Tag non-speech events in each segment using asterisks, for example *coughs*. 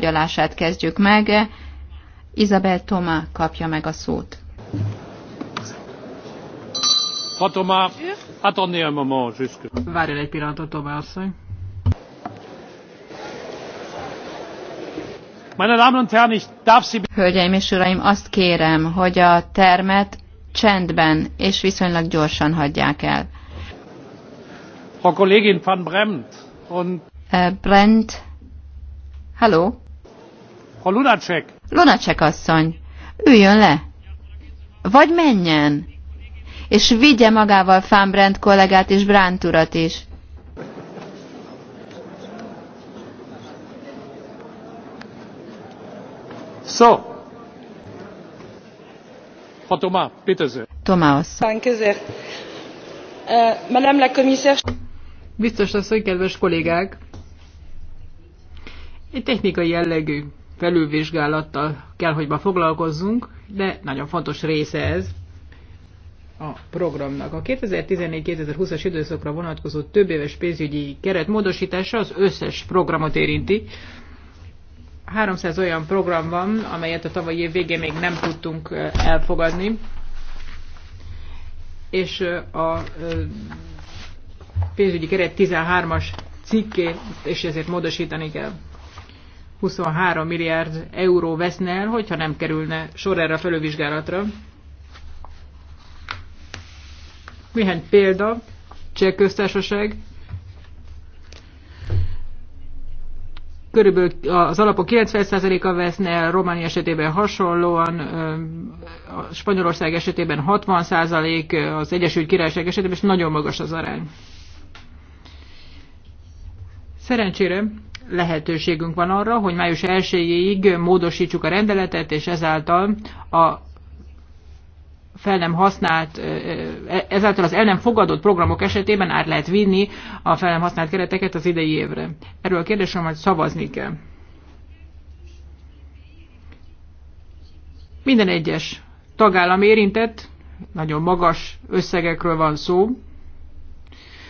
megtárgyalását kezdjük meg. Izabel Tomá kapja meg a szót. Hát, Tomá, hát attendez egy pillanatot, Tomá asszony. Hölgyeim és uraim, azt kérem, hogy a termet csendben és viszonylag gyorsan hagyják el. Frau Kollegin van Bremt und eh, Brent. Hello. Frau Lunacek. Lunacek asszony, üljön le. Vagy menjen. És vigye magával Fámbrend kollégát és Bránt urat is. So. Ha Thomas, bitte Tomá Thomas. Danke Uh, Madame la commissaire. Biztos asszony, kedves kollégák! Egy technikai jellegű felülvizsgálattal kell, hogy ma foglalkozzunk, de nagyon fontos része ez a programnak. A 2014-2020-as időszakra vonatkozó több éves pénzügyi keret módosítása az összes programot érinti. 300 olyan program van, amelyet a tavalyi év végén még nem tudtunk elfogadni, és a pénzügyi keret 13-as cikkét, és ezért módosítani kell. 23 milliárd euró veszne el, hogyha nem kerülne sor erre a felővizsgálatra. Néhány példa, Cseh köztársaság, körülbelül az alapok 90%-a veszne el, Románia esetében hasonlóan, a Spanyolország esetében 60%, az Egyesült Királyság esetében, és nagyon magas az arány. Szerencsére lehetőségünk van arra, hogy május 1-ig módosítsuk a rendeletet, és ezáltal a fel nem használt, e, ezáltal az el nem fogadott programok esetében át lehet vinni a fel nem használt kereteket az idei évre. Erről a kérdésről majd szavazni kell. Minden egyes tagállam érintett, nagyon magas összegekről van szó.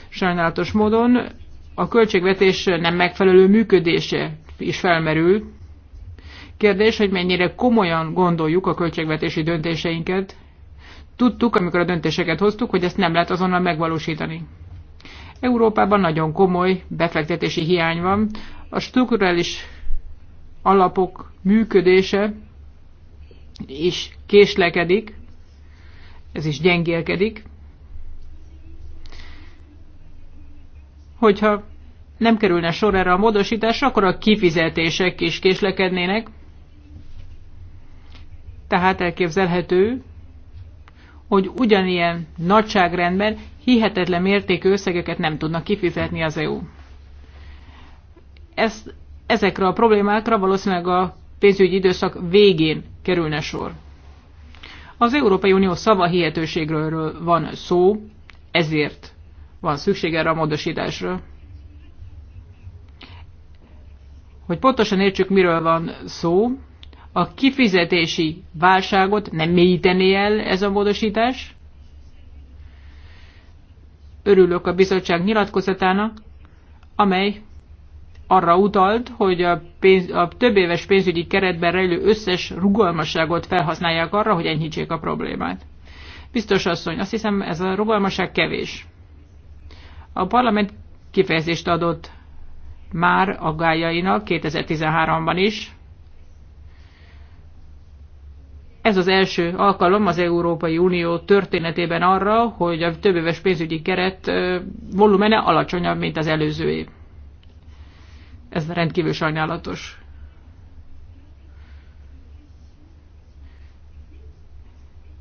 Sajnálatos módon a költségvetés nem megfelelő működése is felmerül. Kérdés, hogy mennyire komolyan gondoljuk a költségvetési döntéseinket. Tudtuk, amikor a döntéseket hoztuk, hogy ezt nem lehet azonnal megvalósítani. Európában nagyon komoly befektetési hiány van. A strukturális alapok működése is késlekedik, ez is gyengélkedik. hogyha nem kerülne sor erre a módosításra, akkor a kifizetések is késlekednének. Tehát elképzelhető, hogy ugyanilyen nagyságrendben hihetetlen mértékű összegeket nem tudnak kifizetni az EU. Ezt, ezekre a problémákra valószínűleg a pénzügyi időszak végén kerülne sor. Az Európai Unió szava hihetőségről van szó, ezért van szükség erre a módosításra. Hogy pontosan értsük, miről van szó, a kifizetési válságot nem mélyítené el ez a módosítás. Örülök a bizottság nyilatkozatának, amely arra utalt, hogy a, pénz, a több éves pénzügyi keretben rejlő összes rugalmasságot felhasználják arra, hogy enyhítsék a problémát. Biztos asszony, azt hiszem ez a rugalmasság kevés. A parlament kifejezést adott már aggájainak 2013-ban is. Ez az első alkalom az Európai Unió történetében arra, hogy a többéves pénzügyi keret volumene alacsonyabb, mint az előző év. Ez rendkívül sajnálatos.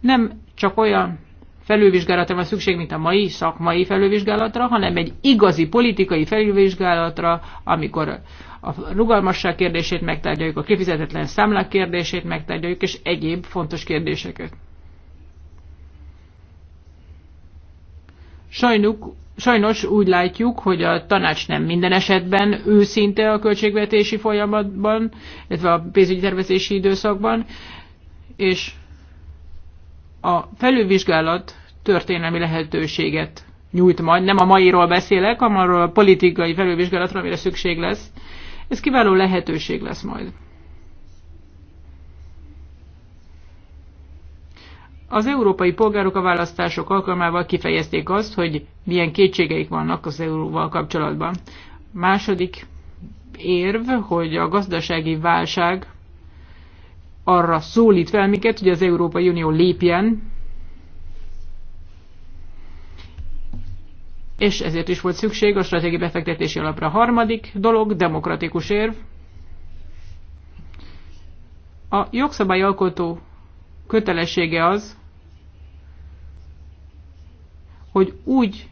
Nem csak olyan felülvizsgálatra van szükség, mint a mai szakmai felülvizsgálatra, hanem egy igazi politikai felülvizsgálatra, amikor a rugalmasság kérdését megtárgyaljuk, a kifizetetlen számlák kérdését megtárgyaljuk, és egyéb fontos kérdéseket. Sajnuk, sajnos úgy látjuk, hogy a tanács nem minden esetben őszinte a költségvetési folyamatban, illetve a pénzügyi tervezési időszakban, és a felülvizsgálat történelmi lehetőséget nyújt majd, nem a mairól beszélek, hanem arról a politikai felülvizsgálatról, amire szükség lesz. Ez kiváló lehetőség lesz majd. Az európai polgárok a választások alkalmával kifejezték azt, hogy milyen kétségeik vannak az euróval kapcsolatban. Második érv, hogy a gazdasági válság arra szólít fel minket, hogy az Európai Unió lépjen, és ezért is volt szükség a stratégiai befektetési alapra. A harmadik dolog, demokratikus érv. A jogszabályalkotó kötelessége az, hogy úgy,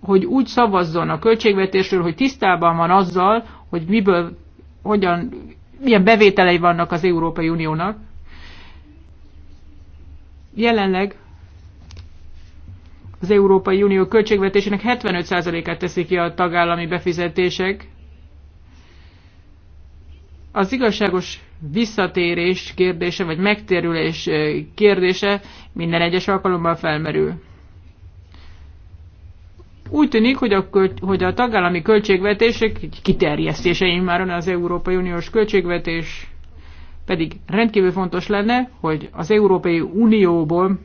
hogy úgy szavazzon a költségvetésről, hogy tisztában van azzal, hogy miből, hogyan milyen bevételei vannak az Európai Uniónak. Jelenleg az Európai Unió költségvetésének 75%-át teszik ki a tagállami befizetések. Az igazságos visszatérés kérdése, vagy megtérülés kérdése minden egyes alkalommal felmerül. Úgy tűnik, hogy a, hogy a tagállami költségvetések kiterjesztései már az Európai Uniós költségvetés pedig rendkívül fontos lenne, hogy az Európai Unióból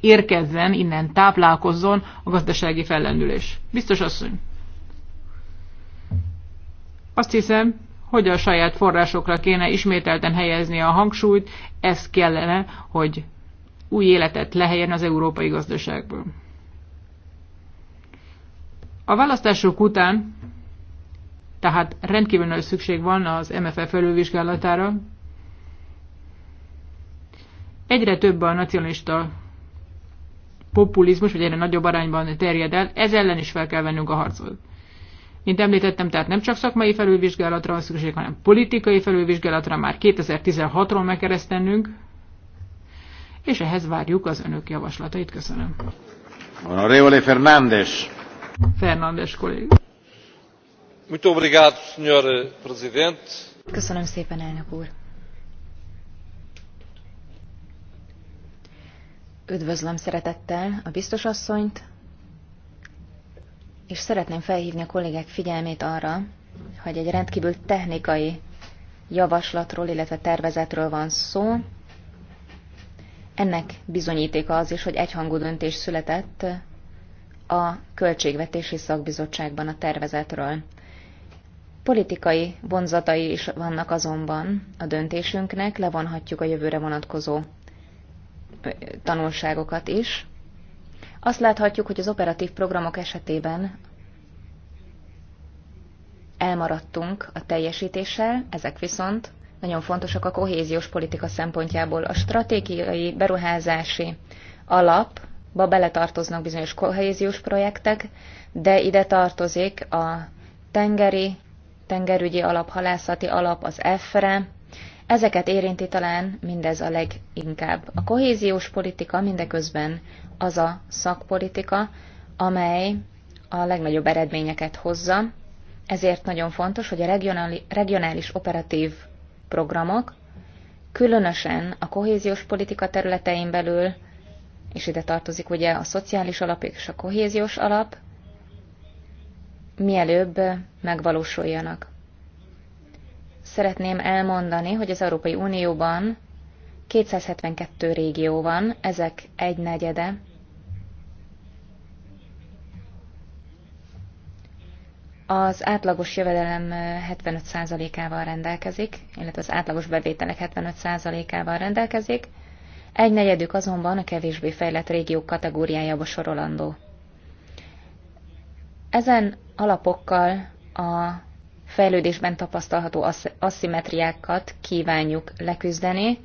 érkezzen, innen táplálkozzon a gazdasági fellendülés. Biztos asszony. Azt hiszem, hogy a saját forrásokra kéne ismételten helyezni a hangsúlyt, ez kellene, hogy új életet lehelyen az európai gazdaságból. A választások után tehát rendkívül nagy szükség van az MFF felülvizsgálatára. Egyre több a nacionalista populizmus, vagy egyre nagyobb arányban terjed el, ez ellen is fel kell vennünk a harcot. Mint említettem, tehát nem csak szakmai felülvizsgálatra van szükség, hanem politikai felülvizsgálatra már 2016-ról meg kell ezt tennünk, és ehhez várjuk az önök javaslatait. Köszönöm. Honorevole Fernández. Fernandes kolléga. Muito obrigado, presidente. Köszönöm szépen, elnök úr. Üdvözlöm szeretettel a biztos asszonyt, és szeretném felhívni a kollégák figyelmét arra, hogy egy rendkívül technikai javaslatról, illetve tervezetről van szó. Ennek bizonyítéka az is, hogy egyhangú döntés született a Költségvetési Szakbizottságban a tervezetről. Politikai vonzatai is vannak azonban a döntésünknek, levonhatjuk a jövőre vonatkozó tanulságokat is. Azt láthatjuk, hogy az operatív programok esetében elmaradtunk a teljesítéssel, ezek viszont nagyon fontosak a kohéziós politika szempontjából. A stratégiai beruházási alap ba beletartoznak bizonyos kohéziós projektek, de ide tartozik a tengeri, tengerügyi alap, halászati alap, az EFRE, Ezeket érinti talán mindez a leginkább. A kohéziós politika mindeközben az a szakpolitika, amely a legnagyobb eredményeket hozza, ezért nagyon fontos, hogy a regionális operatív programok, különösen a kohéziós politika területein belül és ide tartozik ugye a szociális alap és a kohéziós alap, mielőbb megvalósuljanak. Szeretném elmondani, hogy az Európai Unióban 272 régió van, ezek egy negyede. Az átlagos jövedelem 75%-ával rendelkezik, illetve az átlagos bevételek 75%-ával rendelkezik, egy negyedük azonban a kevésbé fejlett régiók kategóriájába sorolandó. Ezen alapokkal a fejlődésben tapasztalható asszimetriákat kívánjuk leküzdeni,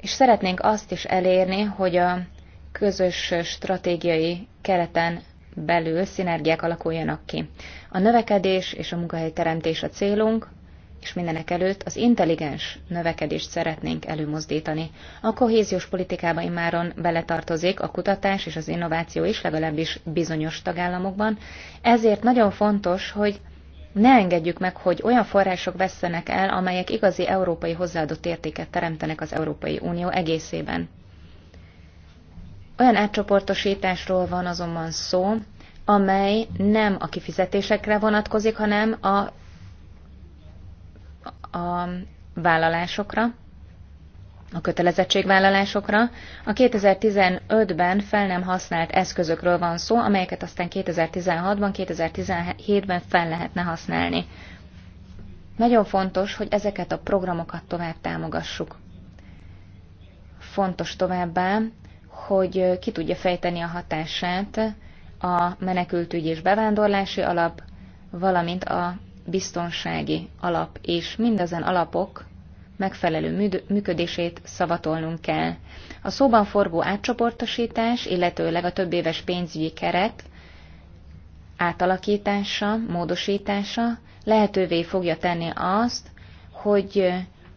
és szeretnénk azt is elérni, hogy a közös stratégiai kereten belül szinergiák alakuljanak ki. A növekedés és a munkahelyteremtés a célunk, és mindenek előtt az intelligens növekedést szeretnénk előmozdítani. A kohéziós politikába immáron beletartozik a kutatás és az innováció is, legalábbis bizonyos tagállamokban, ezért nagyon fontos, hogy ne engedjük meg, hogy olyan források vesztenek el, amelyek igazi európai hozzáadott értéket teremtenek az Európai Unió egészében. Olyan átcsoportosításról van azonban szó, amely nem a kifizetésekre vonatkozik, hanem a a vállalásokra, a kötelezettségvállalásokra. A 2015-ben fel nem használt eszközökről van szó, amelyeket aztán 2016-ban, 2017-ben fel lehetne használni. Nagyon fontos, hogy ezeket a programokat tovább támogassuk. Fontos továbbá, hogy ki tudja fejteni a hatását a menekültügy és bevándorlási alap, valamint a biztonsági alap és mindezen alapok megfelelő működését szavatolnunk kell. A szóban forgó átcsoportosítás, illetőleg a több éves pénzügyi keret átalakítása, módosítása lehetővé fogja tenni azt, hogy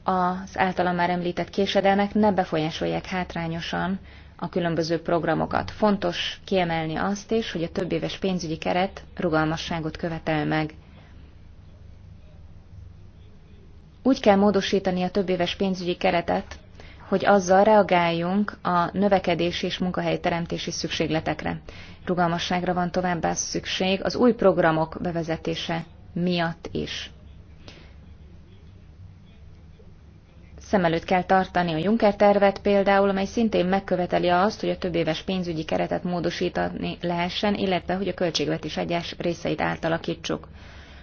az általam már említett késedelmek ne befolyásolják hátrányosan a különböző programokat. Fontos kiemelni azt is, hogy a több éves pénzügyi keret rugalmasságot követel meg. Úgy kell módosítani a többéves pénzügyi keretet, hogy azzal reagáljunk a növekedési és munkahelyteremtési szükségletekre. Rugalmasságra van továbbá szükség az új programok bevezetése miatt is. Szem előtt kell tartani a Juncker tervet például, amely szintén megköveteli azt, hogy a több éves pénzügyi keretet módosítani lehessen, illetve hogy a költségvetés egyes részeit átalakítsuk.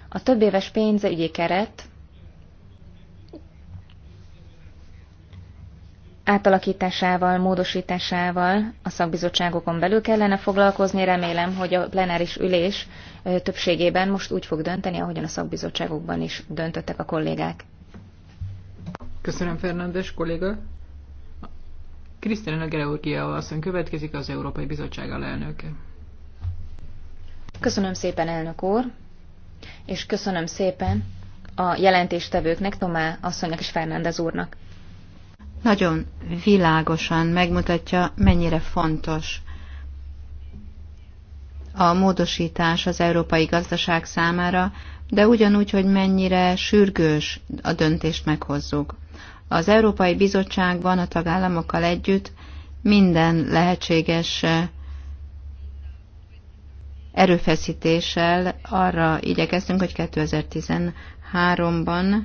A több éves pénzügyi keret átalakításával, módosításával a szakbizottságokon belül kellene foglalkozni. Remélem, hogy a plenáris ülés többségében most úgy fog dönteni, ahogyan a szakbizottságokban is döntöttek a kollégák. Köszönöm, Fernandes kolléga. Krisztina Georgia asszony következik az Európai Bizottság alelnöke. Köszönöm szépen, elnök úr, és köszönöm szépen a jelentéstevőknek, Tomá asszonynak és Fernández úrnak nagyon világosan megmutatja, mennyire fontos a módosítás az európai gazdaság számára, de ugyanúgy, hogy mennyire sürgős a döntést meghozzuk. Az Európai Bizottságban a tagállamokkal együtt minden lehetséges erőfeszítéssel arra igyekeztünk, hogy 2013-ban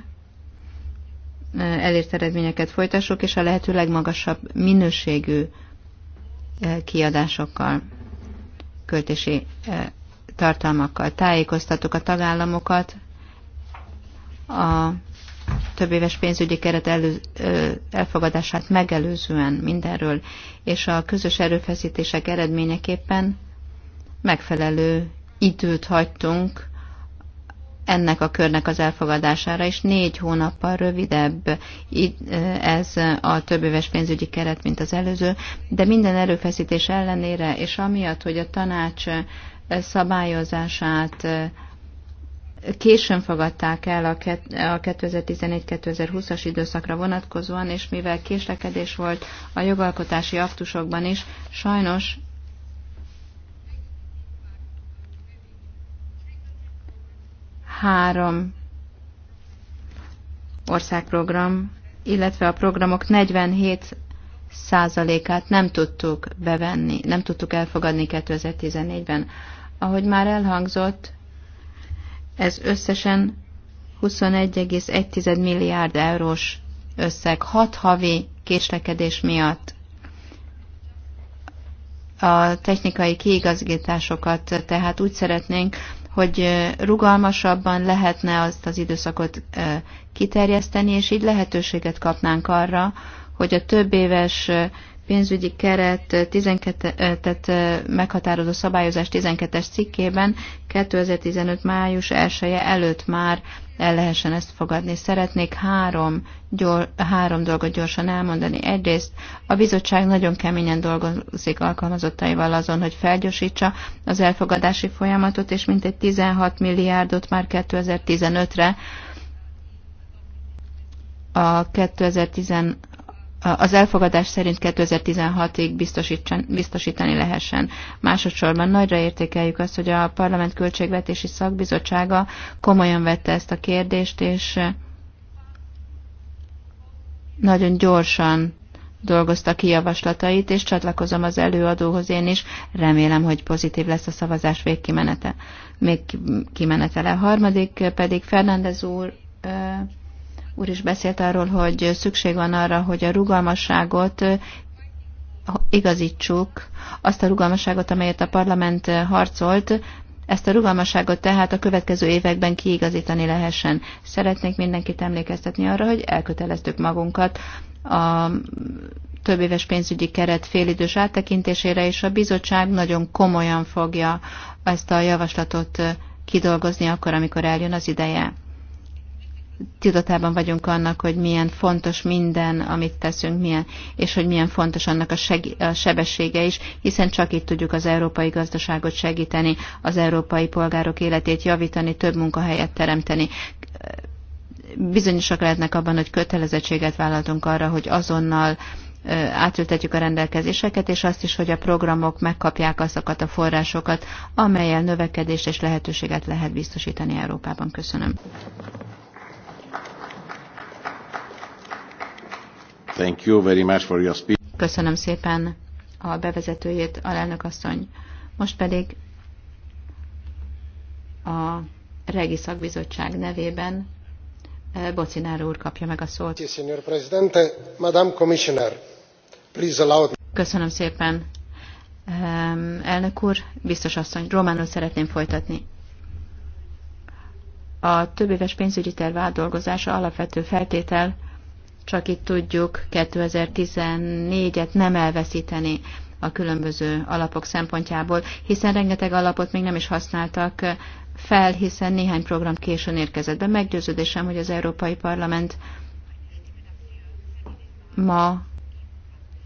Eh, elért eredményeket folytassuk, és a lehető legmagasabb minőségű eh, kiadásokkal, költési eh, tartalmakkal. tájékoztatok a tagállamokat a több éves pénzügyi keret elő, elfogadását megelőzően mindenről, és a közös erőfeszítések eredményeképpen megfelelő időt hagytunk ennek a körnek az elfogadására, és négy hónappal rövidebb ez a többéves pénzügyi keret, mint az előző, de minden erőfeszítés ellenére, és amiatt, hogy a tanács szabályozását későn fogadták el a 2014-2020-as időszakra vonatkozóan, és mivel késlekedés volt a jogalkotási aktusokban is, sajnos három országprogram, illetve a programok 47 százalékát nem tudtuk bevenni, nem tudtuk elfogadni 2014-ben. Ahogy már elhangzott, ez összesen 21,1 milliárd eurós összeg hat havi késlekedés miatt a technikai kiigazgításokat, tehát úgy szeretnénk, hogy rugalmasabban lehetne azt az időszakot kiterjeszteni, és így lehetőséget kapnánk arra, hogy a több éves pénzügyi keret 12, tehát meghatározó szabályozás 12-es cikkében 2015. május 1 -e előtt már el lehessen ezt fogadni. Szeretnék három, gyor, három dolgot gyorsan elmondani. Egyrészt a bizottság nagyon keményen dolgozik alkalmazottaival azon, hogy felgyorsítsa az elfogadási folyamatot, és mintegy 16 milliárdot már 2015-re a 2016 az elfogadás szerint 2016-ig biztosítani lehessen. Másodszorban nagyra értékeljük azt, hogy a Parlament Költségvetési Szakbizottsága komolyan vette ezt a kérdést, és eh, nagyon gyorsan dolgozta ki javaslatait, és csatlakozom az előadóhoz én is, remélem, hogy pozitív lesz a szavazás végkimenete. Még kimenetele. Harmadik pedig Fernández úr eh, úr is beszélt arról, hogy szükség van arra, hogy a rugalmasságot eh, igazítsuk, azt a rugalmasságot, amelyet a parlament eh, harcolt, ezt a rugalmasságot tehát a következő években kiigazítani lehessen. Szeretnék mindenkit emlékeztetni arra, hogy elköteleztük magunkat a több éves pénzügyi keret félidős áttekintésére, és a bizottság nagyon komolyan fogja ezt a javaslatot eh, kidolgozni akkor, amikor eljön az ideje tudatában vagyunk annak, hogy milyen fontos minden, amit teszünk, milyen, és hogy milyen fontos annak a, seg, a sebessége is, hiszen csak itt tudjuk az európai gazdaságot segíteni, az európai polgárok életét javítani, több munkahelyet teremteni. Bizonyosak lehetnek abban, hogy kötelezettséget vállaltunk arra, hogy azonnal átültetjük a rendelkezéseket, és azt is, hogy a programok megkapják azokat a forrásokat, amelyel növekedést és lehetőséget lehet biztosítani Európában. Köszönöm. Thank you very much for your speech. Köszönöm szépen a bevezetőjét, a asszony. Most pedig a Regi Szakbizottság nevében eh, Bocinár úr kapja meg a szót. Köszönöm szépen. Ehm, elnök úr, biztos asszony, románul szeretném folytatni. A többéves pénzügyi terv átdolgozása alapvető feltétel csak itt tudjuk 2014-et nem elveszíteni a különböző alapok szempontjából, hiszen rengeteg alapot még nem is használtak fel, hiszen néhány program későn érkezett be. Meggyőződésem, hogy az Európai Parlament ma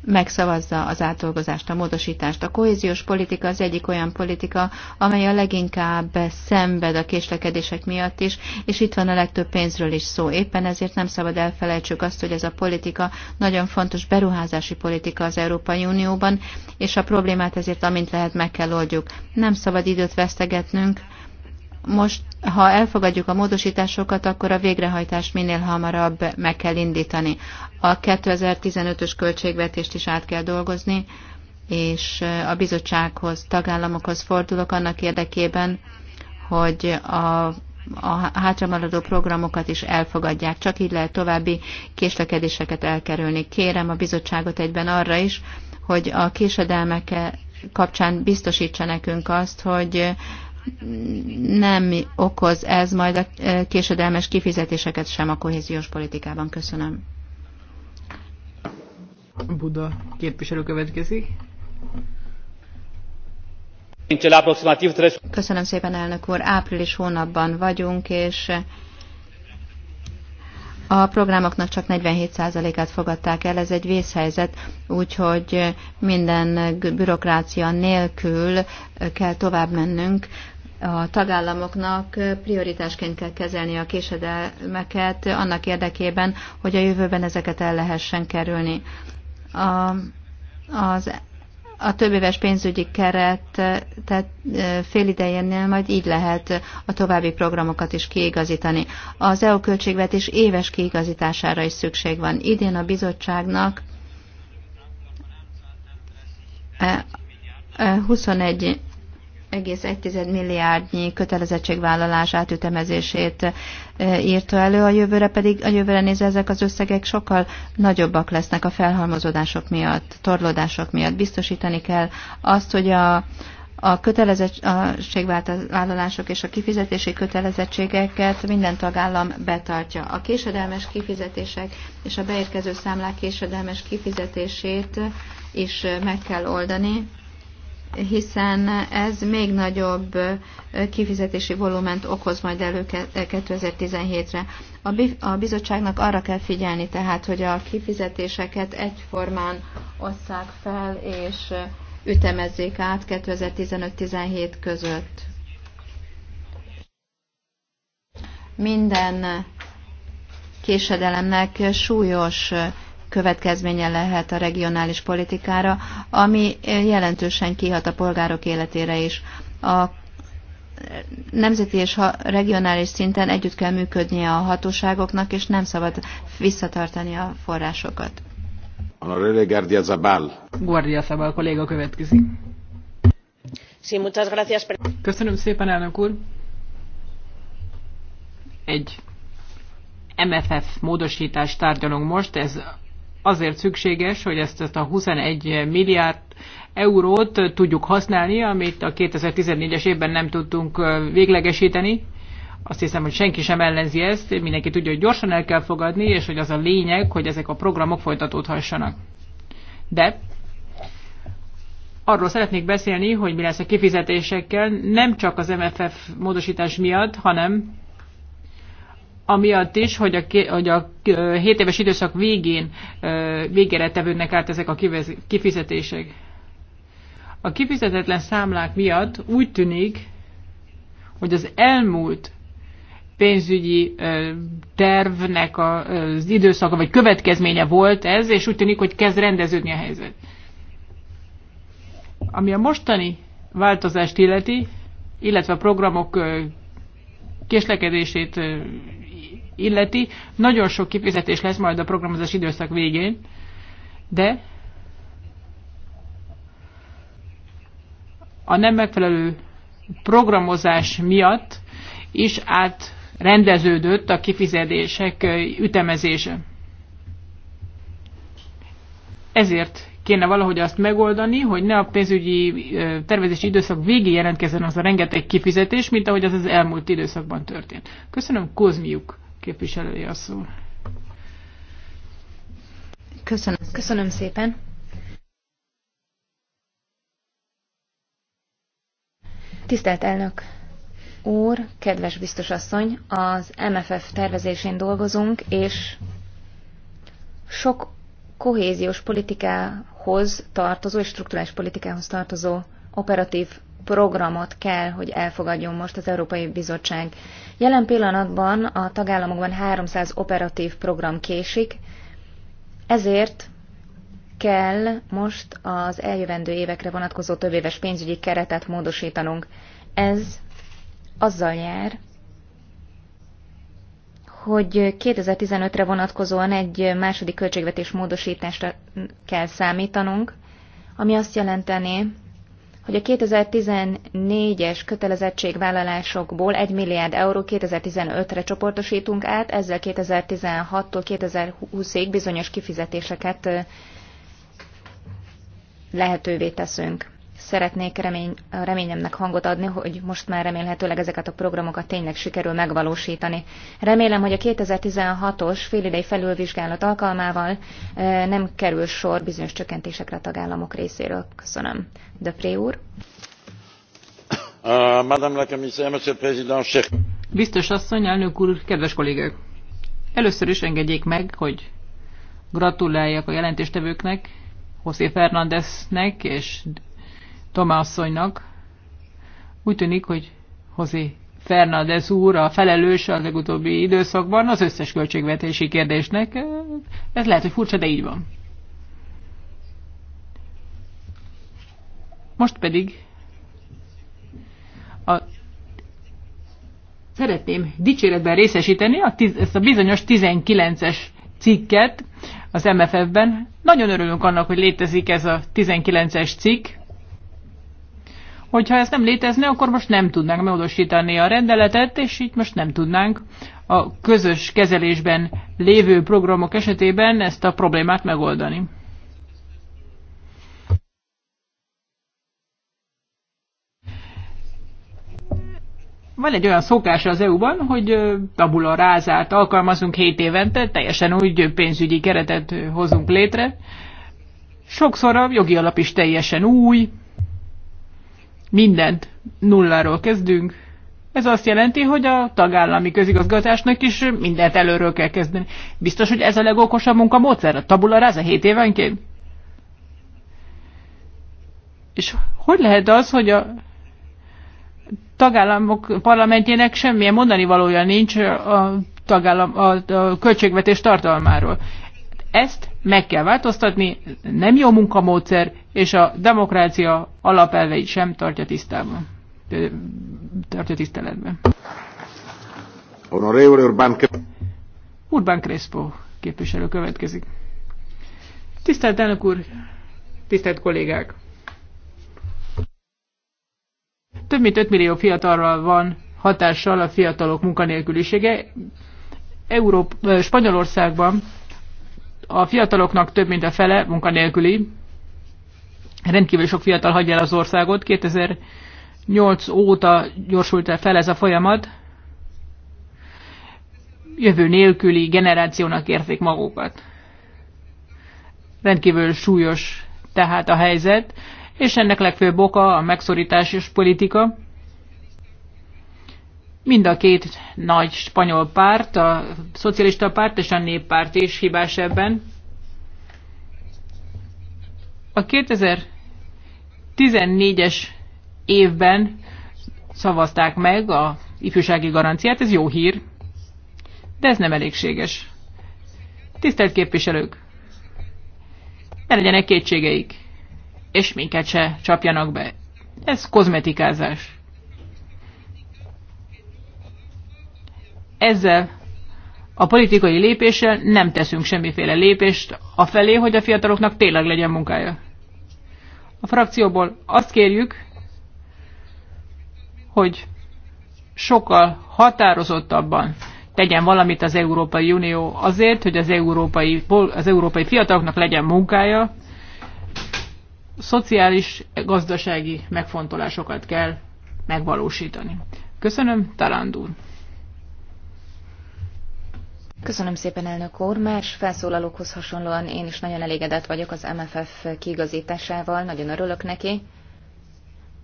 megszavazza az átdolgozást, a módosítást. A kohéziós politika az egyik olyan politika, amely a leginkább szenved a késlekedések miatt is, és itt van a legtöbb pénzről is szó. Éppen ezért nem szabad elfelejtsük azt, hogy ez a politika nagyon fontos beruházási politika az Európai Unióban, és a problémát ezért amint lehet meg kell oldjuk. Nem szabad időt vesztegetnünk, most, ha elfogadjuk a módosításokat, akkor a végrehajtást minél hamarabb meg kell indítani. A 2015-ös költségvetést is át kell dolgozni, és a bizottsághoz, tagállamokhoz fordulok annak érdekében, hogy a a hátramaradó programokat is elfogadják. Csak így lehet további késlekedéseket elkerülni. Kérem a bizottságot egyben arra is, hogy a késedelmek kapcsán biztosítsa nekünk azt, hogy nem okoz ez majd a e, késedelmes kifizetéseket sem a kohéziós politikában. Köszönöm. Buda képviselő következik. Köszönöm szépen, elnök úr. Április hónapban vagyunk, és a programoknak csak 47%-át fogadták el, ez egy vészhelyzet, úgyhogy minden bürokrácia nélkül kell tovább mennünk a tagállamoknak prioritásként kell kezelni a késedelmeket annak érdekében, hogy a jövőben ezeket el lehessen kerülni. A, az, a többéves pénzügyi keret tehát e, idejénél majd így lehet a további programokat is kiigazítani. Az EU költségvetés éves kiigazítására is szükség van. Idén a bizottságnak e, e, 21 1,1 milliárdnyi kötelezettségvállalását, ütemezését eh, írta elő, a jövőre pedig, a jövőre nézve ezek az összegek sokkal nagyobbak lesznek a felhalmozódások miatt, torlódások miatt. Biztosítani kell azt, hogy a, a kötelezettségvállalások és a kifizetési kötelezettségeket minden tagállam betartja. A késedelmes kifizetések és a beérkező számlák késedelmes kifizetését is meg kell oldani, hiszen ez még nagyobb kifizetési volument okoz majd elő 2017-re. A bizottságnak arra kell figyelni tehát, hogy a kifizetéseket egyformán osszák fel és ütemezzék át 2015-17 között. Minden késedelemnek súlyos következménye lehet a regionális politikára, ami jelentősen kihat a polgárok életére is. A nemzeti és regionális szinten együtt kell működnie a hatóságoknak, és nem szabad visszatartani a forrásokat. Honorele Guardia Zabal. Guardia Zabal kolléga következik. Sí, muchas gracias. Köszönöm szépen, elnök úr. Egy MFF módosítást tárgyalunk most, ez azért szükséges, hogy ezt, ezt a 21 milliárd eurót tudjuk használni, amit a 2014-es évben nem tudtunk véglegesíteni. Azt hiszem, hogy senki sem ellenzi ezt, mindenki tudja, hogy gyorsan el kell fogadni, és hogy az a lényeg, hogy ezek a programok folytatódhassanak. De arról szeretnék beszélni, hogy mi lesz a kifizetésekkel, nem csak az MFF módosítás miatt, hanem amiatt is, hogy a, hogy a 7 éves időszak végén végére tevődnek át ezek a kifizetések. A kifizetetlen számlák miatt úgy tűnik, hogy az elmúlt pénzügyi tervnek az időszaka vagy következménye volt ez, és úgy tűnik, hogy kezd rendeződni a helyzet. Ami a mostani változást illeti, illetve a programok késlekedését illeti, nagyon sok kifizetés lesz majd a programozás időszak végén, de a nem megfelelő programozás miatt is átrendeződött a kifizetések ütemezése. Ezért kéne valahogy azt megoldani, hogy ne a pénzügyi tervezési időszak végé jelentkezzen az a rengeteg kifizetés, mint ahogy az az elmúlt időszakban történt. Köszönöm, Kozmiuk képviselője a szó. Köszönöm. Köszönöm szépen. Tisztelt elnök úr, kedves biztosasszony, az MFF tervezésén dolgozunk, és sok kohéziós politikához tartozó és strukturális politikához tartozó operatív programot kell, hogy elfogadjon most az Európai Bizottság. Jelen pillanatban a tagállamokban 300 operatív program késik, ezért kell most az eljövendő évekre vonatkozó többéves pénzügyi keretet módosítanunk. Ez azzal jár, hogy 2015-re vonatkozóan egy második költségvetés módosításra kell számítanunk, ami azt jelenteni, hogy a 2014-es kötelezettségvállalásokból 1 milliárd euró 2015-re csoportosítunk át, ezzel 2016-tól 2020-ig bizonyos kifizetéseket lehetővé teszünk szeretnék remény, reményemnek hangot adni, hogy most már remélhetőleg ezeket a programokat tényleg sikerül megvalósítani. Remélem, hogy a 2016-os félidei felülvizsgálat alkalmával eh, nem kerül sor bizonyos csökkentésekre a tagállamok részéről. Köszönöm. Döpré úr. *coughs* Uh, Biztos asszony, elnök úr, kedves kollégák! Először is engedjék meg, hogy gratuláljak a jelentéstevőknek, José Fernándeznek és Tomászonynak. Úgy tűnik, hogy Hozé Fernández úr a felelős a legutóbbi időszakban az összes költségvetési kérdésnek. Ez lehet, hogy furcsa, de így van. Most pedig a szeretném dicséretben részesíteni a tiz, ezt a bizonyos 19-es cikket az MFF-ben. Nagyon örülünk annak, hogy létezik ez a 19-es cikk. Hogyha ez nem létezne, akkor most nem tudnánk módosítani a rendeletet, és így most nem tudnánk a közös kezelésben lévő programok esetében ezt a problémát megoldani. van egy olyan szokása az EU-ban, hogy tabula rázát alkalmazunk 7 évente, teljesen úgy pénzügyi keretet hozunk létre. Sokszor a jogi alap is teljesen új, mindent nulláról kezdünk. Ez azt jelenti, hogy a tagállami közigazgatásnak is mindent előről kell kezdeni. Biztos, hogy ez a legokosabb munkamódszer, a tabula rasa 7 évenként? És hogy lehet az, hogy a tagállamok parlamentjének semmilyen mondani valója nincs a, tagállam, a, a költségvetés tartalmáról. Ezt meg kell változtatni, nem jó munkamódszer, és a demokrácia alapelveit sem tartja tisztában. Tartja tiszteletben. Honorevole Urbán Urbán Crespo képviselő következik. Tisztelt elnök úr, tisztelt kollégák! Több mint 5 millió fiatalral van hatással a fiatalok munkanélkülisége. Európa, Spanyolországban a fiataloknak több mint a fele munkanélküli. Rendkívül sok fiatal hagyja el az országot. 2008 óta gyorsult fel ez a folyamat. Jövő nélküli generációnak érték magukat. Rendkívül súlyos tehát a helyzet, és ennek legfőbb oka a megszorításos politika Mind a két nagy spanyol párt, a szocialista párt és a néppárt is hibás ebben. A 2014-es évben szavazták meg a ifjúsági garanciát, ez jó hír, de ez nem elégséges. Tisztelt képviselők, ne legyenek kétségeik, és minket se csapjanak be. Ez kozmetikázás. ezzel a politikai lépéssel nem teszünk semmiféle lépést a felé, hogy a fiataloknak tényleg legyen munkája. A frakcióból azt kérjük, hogy sokkal határozottabban tegyen valamit az Európai Unió azért, hogy az európai, az európai fiataloknak legyen munkája, szociális, gazdasági megfontolásokat kell megvalósítani. Köszönöm, Talándúr! Köszönöm szépen, elnök úr. Más felszólalókhoz hasonlóan én is nagyon elégedett vagyok az MFF kiigazításával, nagyon örülök neki.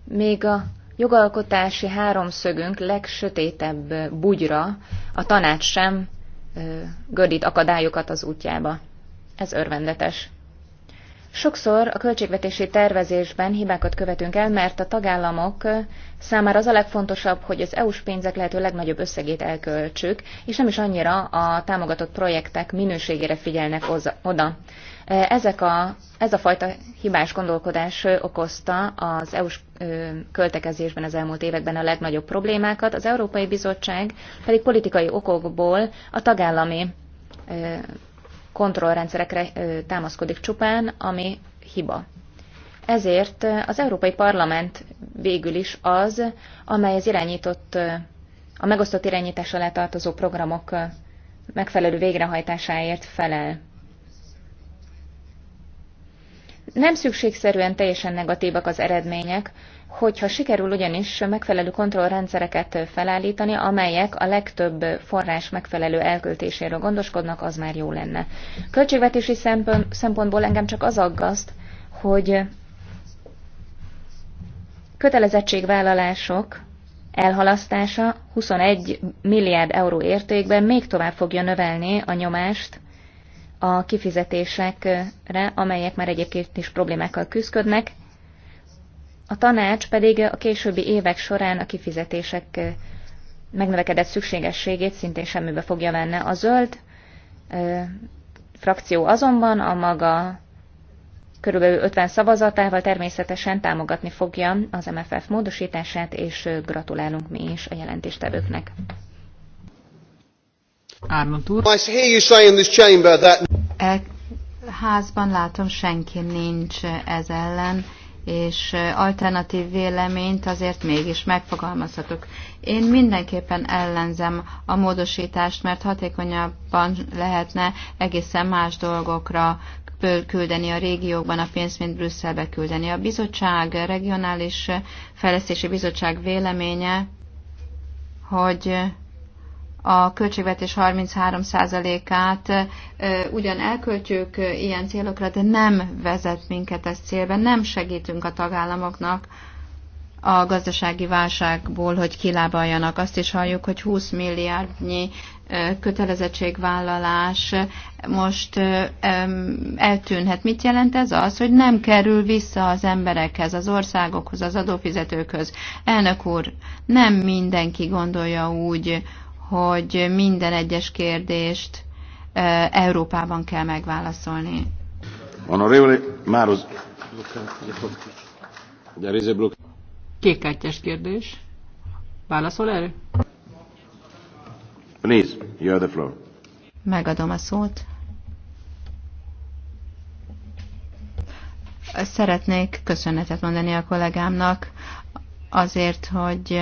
Még a jogalkotási háromszögünk legsötétebb bugyra a tanács sem gördít akadályokat az útjába. Ez örvendetes. Sokszor a költségvetési tervezésben hibákat követünk el, mert a tagállamok számára az a legfontosabb, hogy az EU-s pénzek lehető legnagyobb összegét elköltsük, és nem is annyira a támogatott projektek minőségére figyelnek oda. E, ezek a, ez a fajta hibás gondolkodás okozta az EU-s költekezésben az elmúlt években a legnagyobb problémákat, az Európai Bizottság pedig politikai okokból a tagállami kontrollrendszerekre támaszkodik csupán, ami hiba. Ezért az Európai Parlament végül is az, amely az irányított, a megosztott irányítás alá tartozó programok megfelelő végrehajtásáért felel. Nem szükségszerűen teljesen negatívak az eredmények, hogyha sikerül ugyanis megfelelő kontrollrendszereket felállítani, amelyek a legtöbb forrás megfelelő elköltéséről gondoskodnak, az már jó lenne. Költségvetési szempontból engem csak az aggaszt, hogy kötelezettségvállalások elhalasztása 21 milliárd euró értékben még tovább fogja növelni a nyomást a kifizetésekre, amelyek már egyébként is problémákkal küzdködnek, a tanács pedig a későbbi évek során a kifizetések megnövekedett szükségességét szintén semmibe fogja venni A zöld frakció azonban a maga körülbelül 50 szavazatával természetesen támogatni fogja az MFF módosítását, és gratulálunk mi is a jelentéstevőknek. Arnold úr. E házban látom, senki nincs ez ellen és alternatív véleményt azért mégis megfogalmazhatok. Én mindenképpen ellenzem a módosítást, mert hatékonyabban lehetne egészen más dolgokra küldeni a régiókban a pénzt, mint Brüsszelbe küldeni. A bizottság, regionális fejlesztési bizottság véleménye, hogy a költségvetés 33%-át ugyan elköltjük ilyen célokra, de nem vezet minket ez célben, nem segítünk a tagállamoknak a gazdasági válságból, hogy kilábaljanak. Azt is halljuk, hogy 20 milliárdnyi kötelezettségvállalás most eltűnhet. Mit jelent ez az, hogy nem kerül vissza az emberekhez, az országokhoz, az adófizetőkhöz? Elnök úr, nem mindenki gondolja úgy, hogy minden egyes kérdést Európában kell megválaszolni. Honorevole Mároz. Kékkártyás kérdés. Válaszol erre? Please, you have the floor. Megadom a szót. Szeretnék köszönetet mondani a kollégámnak azért, hogy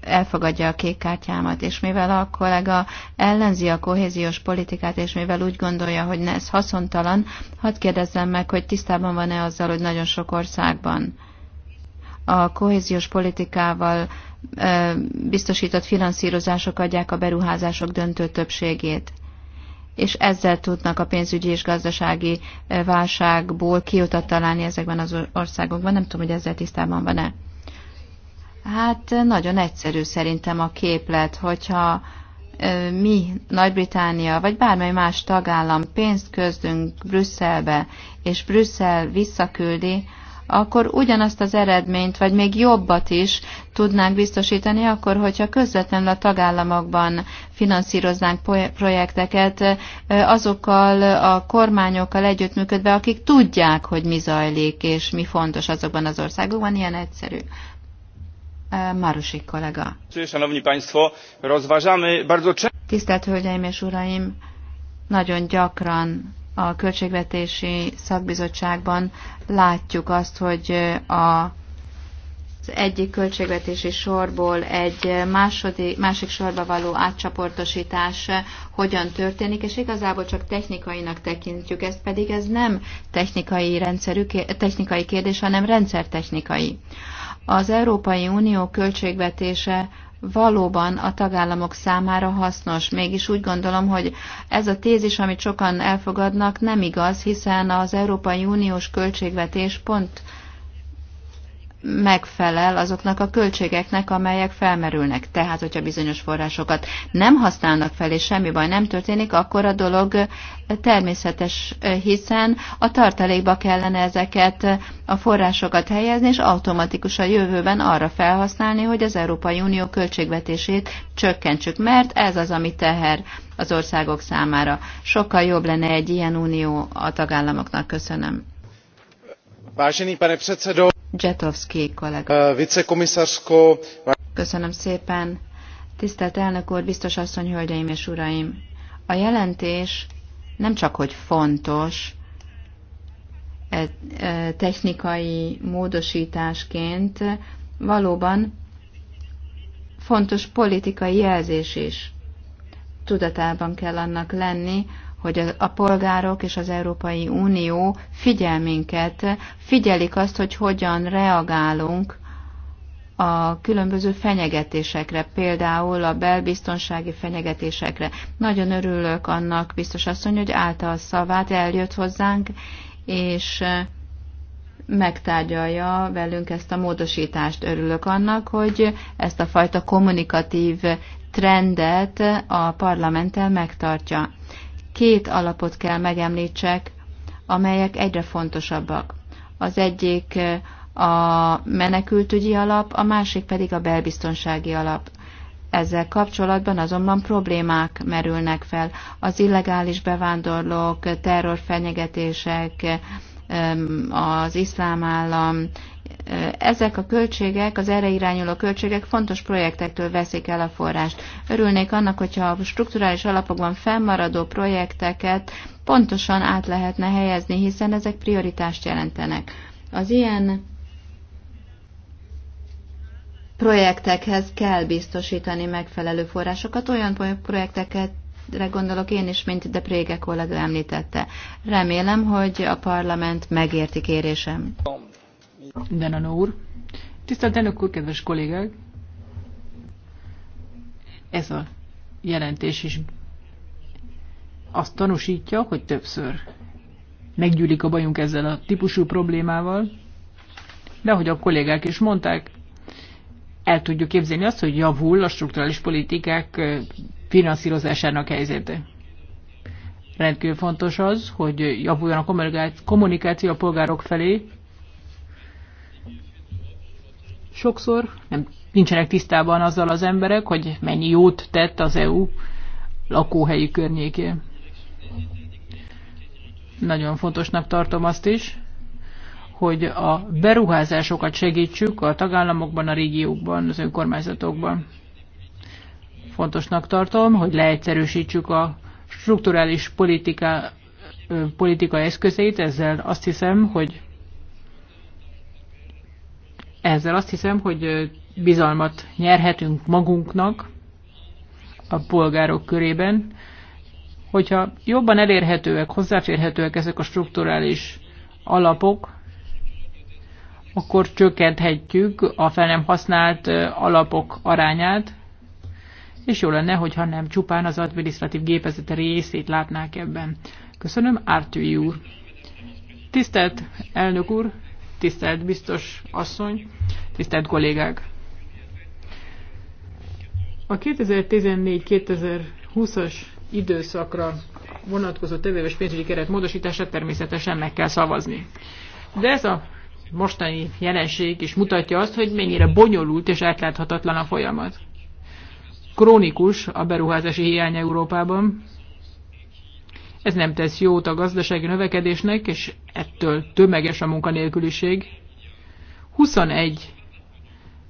elfogadja a kék kártyámat, és mivel a kollega ellenzi a kohéziós politikát, és mivel úgy gondolja, hogy ez haszontalan, hadd kérdezzem meg, hogy tisztában van-e azzal, hogy nagyon sok országban a kohéziós politikával biztosított finanszírozások adják a beruházások döntő többségét és ezzel tudnak a pénzügyi és gazdasági válságból kiutat találni ezekben az országokban. Nem tudom, hogy ezzel tisztában van-e. Hát nagyon egyszerű szerintem a képlet, hogyha mi, Nagy-Británia, vagy bármely más tagállam pénzt közdünk Brüsszelbe, és Brüsszel visszaküldi, akkor ugyanazt az eredményt, vagy még jobbat is tudnánk biztosítani, akkor, hogyha közvetlenül a tagállamokban finanszíroznánk projekteket, azokkal a kormányokkal együttműködve, akik tudják, hogy mi zajlik, és mi fontos azokban az országokban, ilyen egyszerű E, Marusik kollega. Szanowni Państwo, rozważamy bardzo Tisztelt Hölgyeim és Uraim, nagyon gyakran a Költségvetési Szakbizottságban látjuk azt, hogy a az egyik költségvetési sorból egy második, másik sorba való átcsoportosítás hogyan történik, és igazából csak technikainak tekintjük ezt, pedig ez nem technikai, rendszerű, technikai kérdés, hanem rendszertechnikai. Az Európai Unió költségvetése valóban a tagállamok számára hasznos. Mégis úgy gondolom, hogy ez a tézis, amit sokan elfogadnak, nem igaz, hiszen az Európai Uniós költségvetés pont megfelel azoknak a költségeknek, amelyek felmerülnek. Tehát, hogyha bizonyos forrásokat nem használnak fel, és semmi baj nem történik, akkor a dolog természetes, hiszen a tartalékba kellene ezeket a forrásokat helyezni, és automatikus a jövőben arra felhasználni, hogy az Európai Unió költségvetését csökkentsük, mert ez az, ami teher az országok számára. Sokkal jobb lenne egy ilyen unió a tagállamoknak. Köszönöm pane předsedo, Jetovski kollega. Eh, vicekomisařko. Köszönöm szépen. Tisztelt elnök úr, biztos asszony, hölgyeim és uraim! A jelentés nem csak hogy fontos, e, e, technikai módosításként valóban fontos politikai jelzés is. Tudatában kell annak lenni, hogy a polgárok és az Európai Unió figyel minket, figyelik azt, hogy hogyan reagálunk a különböző fenyegetésekre, például a belbiztonsági fenyegetésekre. Nagyon örülök annak, biztos asszony, hogy a szavát eljött hozzánk, és megtárgyalja velünk ezt a módosítást. Örülök annak, hogy ezt a fajta kommunikatív trendet a parlamenttel megtartja két alapot kell megemlítsek, amelyek egyre fontosabbak. Az egyik eh, a menekültügyi alap, a másik pedig a belbiztonsági alap. Ezzel kapcsolatban azonban problémák merülnek fel. Az illegális bevándorlók, terrorfenyegetések, az iszlám állam, ezek a költségek, az erre irányuló költségek fontos projektektől veszik el a forrást. Örülnék annak, hogyha a strukturális alapokban fennmaradó projekteket pontosan át lehetne helyezni, hiszen ezek prioritást jelentenek. Az ilyen projektekhez kell biztosítani megfelelő forrásokat, olyan projekteket amire gondolok én is, mint de Prége kollega említette. Remélem, hogy a parlament megérti kérésem. Denano úr. Tisztelt elnök úr, kedves kollégák! Ez a jelentés is azt tanúsítja, hogy többször meggyűlik a bajunk ezzel a típusú problémával, de ahogy a kollégák is mondták, el tudjuk képzelni azt, hogy javul a strukturális politikák finanszírozásának helyzete. Rendkívül fontos az, hogy javuljon a kommunikáció a polgárok felé. Sokszor nem, nincsenek tisztában azzal az emberek, hogy mennyi jót tett az EU lakóhelyi környékén. Nagyon fontosnak tartom azt is, hogy a beruházásokat segítsük a tagállamokban, a régiókban, az önkormányzatokban fontosnak tartom, hogy leegyszerűsítsük a strukturális politika, politika eszközeit, ezzel azt hiszem, hogy ezzel azt hiszem, hogy bizalmat nyerhetünk magunknak a polgárok körében, hogyha jobban elérhetőek, hozzáférhetőek ezek a strukturális alapok, akkor csökkenthetjük a fel nem használt alapok arányát, és jó lenne, hogyha nem csupán az adminisztratív gépezet részét látnák ebben. Köszönöm, Ártői úr. Tisztelt elnök úr, tisztelt biztos asszony, tisztelt kollégák! A 2014-2020-as időszakra vonatkozó tevéves pénzügyi keret módosítását természetesen meg kell szavazni. De ez a mostani jelenség is mutatja azt, hogy mennyire bonyolult és átláthatatlan a folyamat krónikus a beruházási hiány Európában. Ez nem tesz jót a gazdasági növekedésnek, és ettől tömeges a munkanélküliség. 21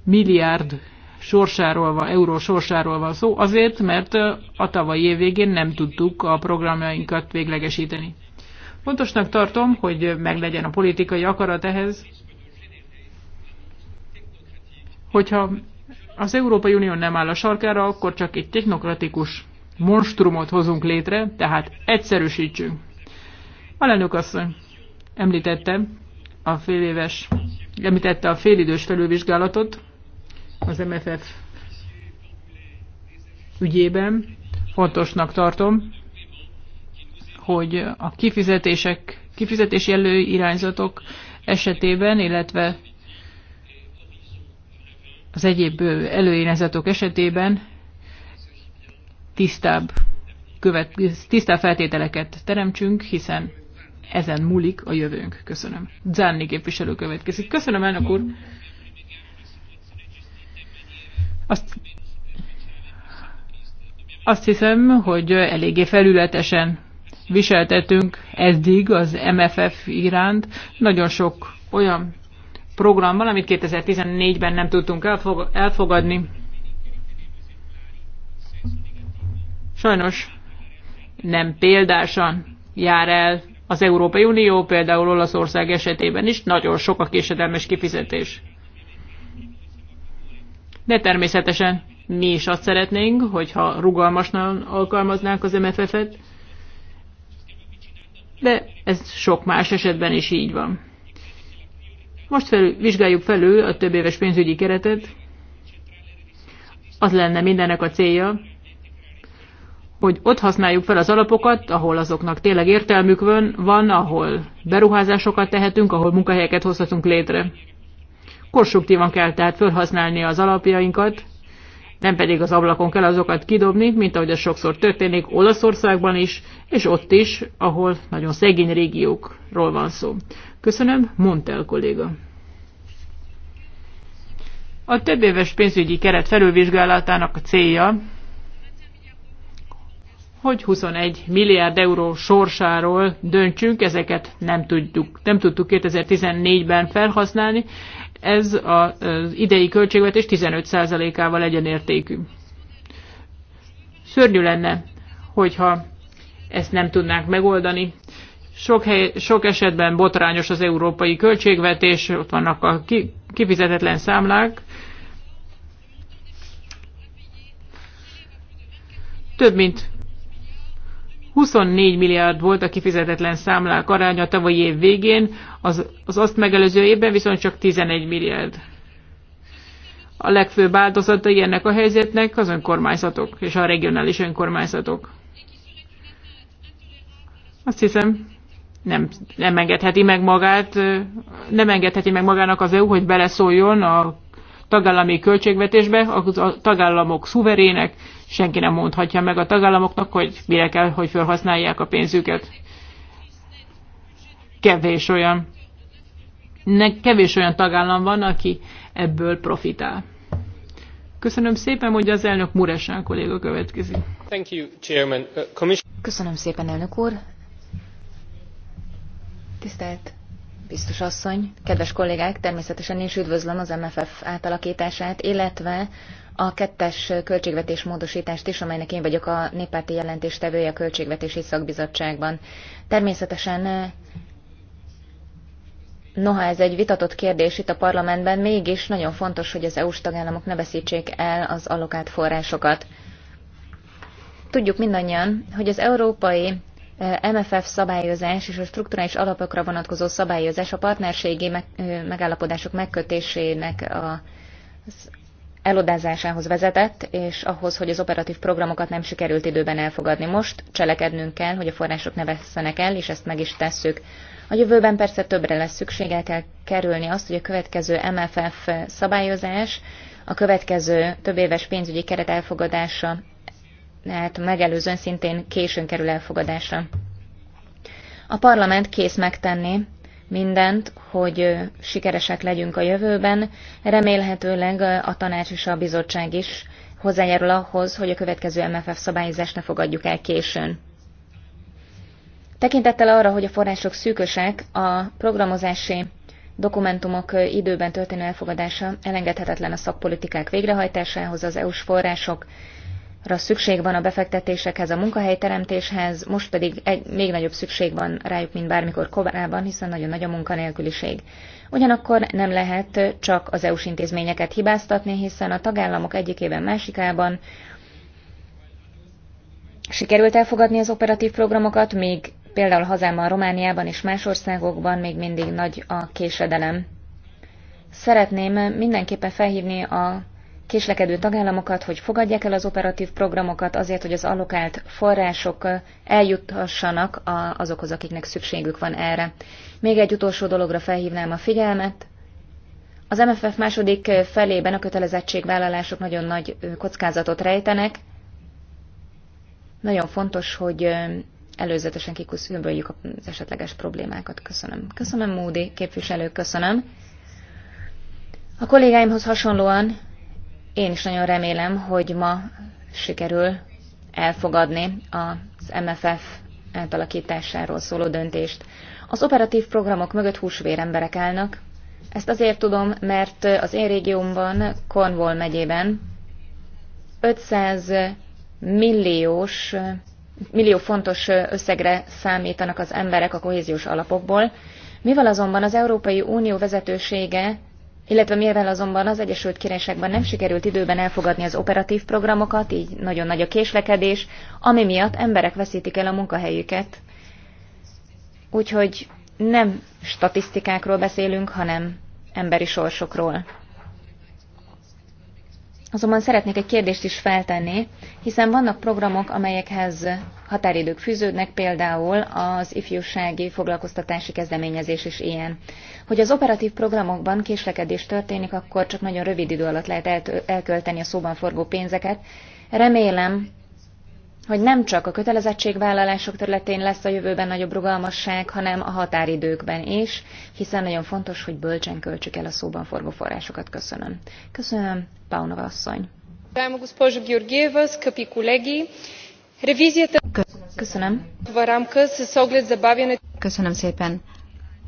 milliárd sorsáról van, euró sorsáról van szó, azért, mert a tavalyi év végén nem tudtuk a programjainkat véglegesíteni. Fontosnak tartom, hogy meglegyen a politikai akarat ehhez, hogyha az Európai Unió nem áll a sarkára, akkor csak egy technokratikus monstrumot hozunk létre, tehát egyszerűsítsünk. Alelnök asszony említette a fél éves, említette a félidős felülvizsgálatot az MFF ügyében. Fontosnak tartom, hogy a kifizetések, kifizetési előirányzatok esetében, illetve az egyéb előénezetok esetében tisztább, követ, tisztább feltételeket teremtsünk, hiszen ezen múlik a jövőnk. Köszönöm. Zánni képviselő következik. Köszönöm, elnök úr. Azt, azt hiszem, hogy eléggé felületesen viseltetünk eddig az MFF iránt. Nagyon sok olyan programban, amit 2014-ben nem tudtunk elfogadni. Sajnos nem példásan jár el az Európai Unió, például Olaszország esetében is nagyon sok a késedelmes kifizetés. De természetesen mi is azt szeretnénk, hogyha rugalmasan alkalmaznánk az MFF-et, de ez sok más esetben is így van. Most felül, vizsgáljuk felül a több éves pénzügyi keretet. Az lenne mindennek a célja, hogy ott használjuk fel az alapokat, ahol azoknak tényleg értelmük van, van ahol beruházásokat tehetünk, ahol munkahelyeket hozhatunk létre. Konstruktívan kell tehát felhasználni az alapjainkat, nem pedig az ablakon kell azokat kidobni, mint ahogy ez sokszor történik Olaszországban is, és ott is, ahol nagyon szegény régiókról van szó. Köszönöm, Montel kolléga. A több éves pénzügyi keret felülvizsgálatának a célja, hogy 21 milliárd euró sorsáról döntsünk, ezeket nem, tudjuk, nem tudtuk 2014-ben felhasználni, ez az idei költségvetés 15%-ával egyenértékű. Szörnyű lenne, hogyha ezt nem tudnánk megoldani sok, hely, sok esetben botrányos az európai költségvetés, ott vannak a ki, kifizetetlen számlák. Több mint 24 milliárd volt a kifizetetlen számlák aránya a tavalyi év végén, az, az azt megelőző évben viszont csak 11 milliárd. A legfőbb áldozatai ennek a helyzetnek az önkormányzatok és a regionális önkormányzatok. Azt hiszem, nem, nem engedheti meg magát, nem engedheti meg magának az EU, hogy beleszóljon a tagállami költségvetésbe, a tagállamok szuverének, senki nem mondhatja meg a tagállamoknak, hogy mire kell, hogy felhasználják a pénzüket. Kevés olyan. Ne, kevés olyan tagállam van, aki ebből profitál. Köszönöm szépen, hogy az elnök Muresán kolléga következik. Uh, Köszönöm szépen, elnök úr. Tisztelt biztos asszony, kedves kollégák, természetesen én is üdvözlöm az MFF átalakítását, illetve a kettes költségvetés módosítást is, amelynek én vagyok a néppárti jelentéstevője a Költségvetési Szakbizottságban. Természetesen Noha ez egy vitatott kérdés itt a parlamentben, mégis nagyon fontos, hogy az EU-s tagállamok ne veszítsék el az alokált forrásokat. Tudjuk mindannyian, hogy az európai Eh, MFF szabályozás és a strukturális alapokra vonatkozó szabályozás a partnerségi megállapodások megkötésének a elodázásához vezetett, és ahhoz, hogy az operatív programokat nem sikerült időben elfogadni. Most cselekednünk kell, hogy a források ne vesszenek el, és ezt meg is tesszük. A jövőben persze többre lesz szükség, el kell kerülni azt, hogy a következő MFF szabályozás, a következő több éves pénzügyi keret elfogadása hát megelőzően szintén későn kerül elfogadásra. A parlament kész megtenni mindent, hogy sikeresek legyünk a jövőben, remélhetőleg a tanács és a bizottság is hozzájárul ahhoz, hogy a következő MFF szabályozást ne fogadjuk el későn. Tekintettel arra, hogy a források szűkösek, a programozási dokumentumok időben történő elfogadása elengedhetetlen a szakpolitikák végrehajtásához, az EU-s források szükség van a befektetésekhez, a munkahelyteremtéshez, most pedig egy, még nagyobb szükség van rájuk, mint bármikor korábban, hiszen nagyon nagy a munkanélküliség. Ugyanakkor nem lehet csak az EU-s intézményeket hibáztatni, hiszen a tagállamok egyikében másikában sikerült elfogadni az operatív programokat, még például hazámban, Romániában és más országokban még mindig nagy a késedelem. Szeretném mindenképpen felhívni a késlekedő tagállamokat, hogy fogadják el az operatív programokat azért, hogy az allokált források eljuthassanak azokhoz, akiknek szükségük van erre. Még egy utolsó dologra felhívnám a figyelmet. Az MFF második felében a kötelezettségvállalások nagyon nagy kockázatot rejtenek. Nagyon fontos, hogy előzetesen kiküszöböljük az esetleges problémákat. Köszönöm. Köszönöm, Módi képviselő, köszönöm. A kollégáimhoz hasonlóan én is nagyon remélem, hogy ma sikerül elfogadni az MFF átalakításáról szóló döntést. Az operatív programok mögött húsvér emberek állnak. Ezt azért tudom, mert az én régiómban, Cornwall megyében 500 milliós, millió fontos összegre számítanak az emberek a kohéziós alapokból, mivel azonban az Európai Unió vezetősége illetve mivel azonban az Egyesült Királyságban nem sikerült időben elfogadni az operatív programokat, így nagyon nagy a késlekedés, ami miatt emberek veszítik el a munkahelyüket. Úgyhogy nem statisztikákról beszélünk, hanem emberi sorsokról. Azonban szeretnék egy kérdést is feltenni, hiszen vannak programok, amelyekhez határidők fűződnek, például az ifjúsági foglalkoztatási kezdeményezés is ilyen. Hogy az operatív programokban késlekedés történik, akkor csak nagyon rövid idő alatt lehet elkölteni a szóban forgó pénzeket. Remélem, hogy nem csak a kötelezettségvállalások területén lesz a jövőben nagyobb rugalmasság, hanem a határidőkben is, hiszen nagyon fontos, hogy bölcsen költsük el a szóban forgó forrásokat. Köszönöm. Köszönöm, Paunova asszony. Köszönöm. Köszönöm szépen.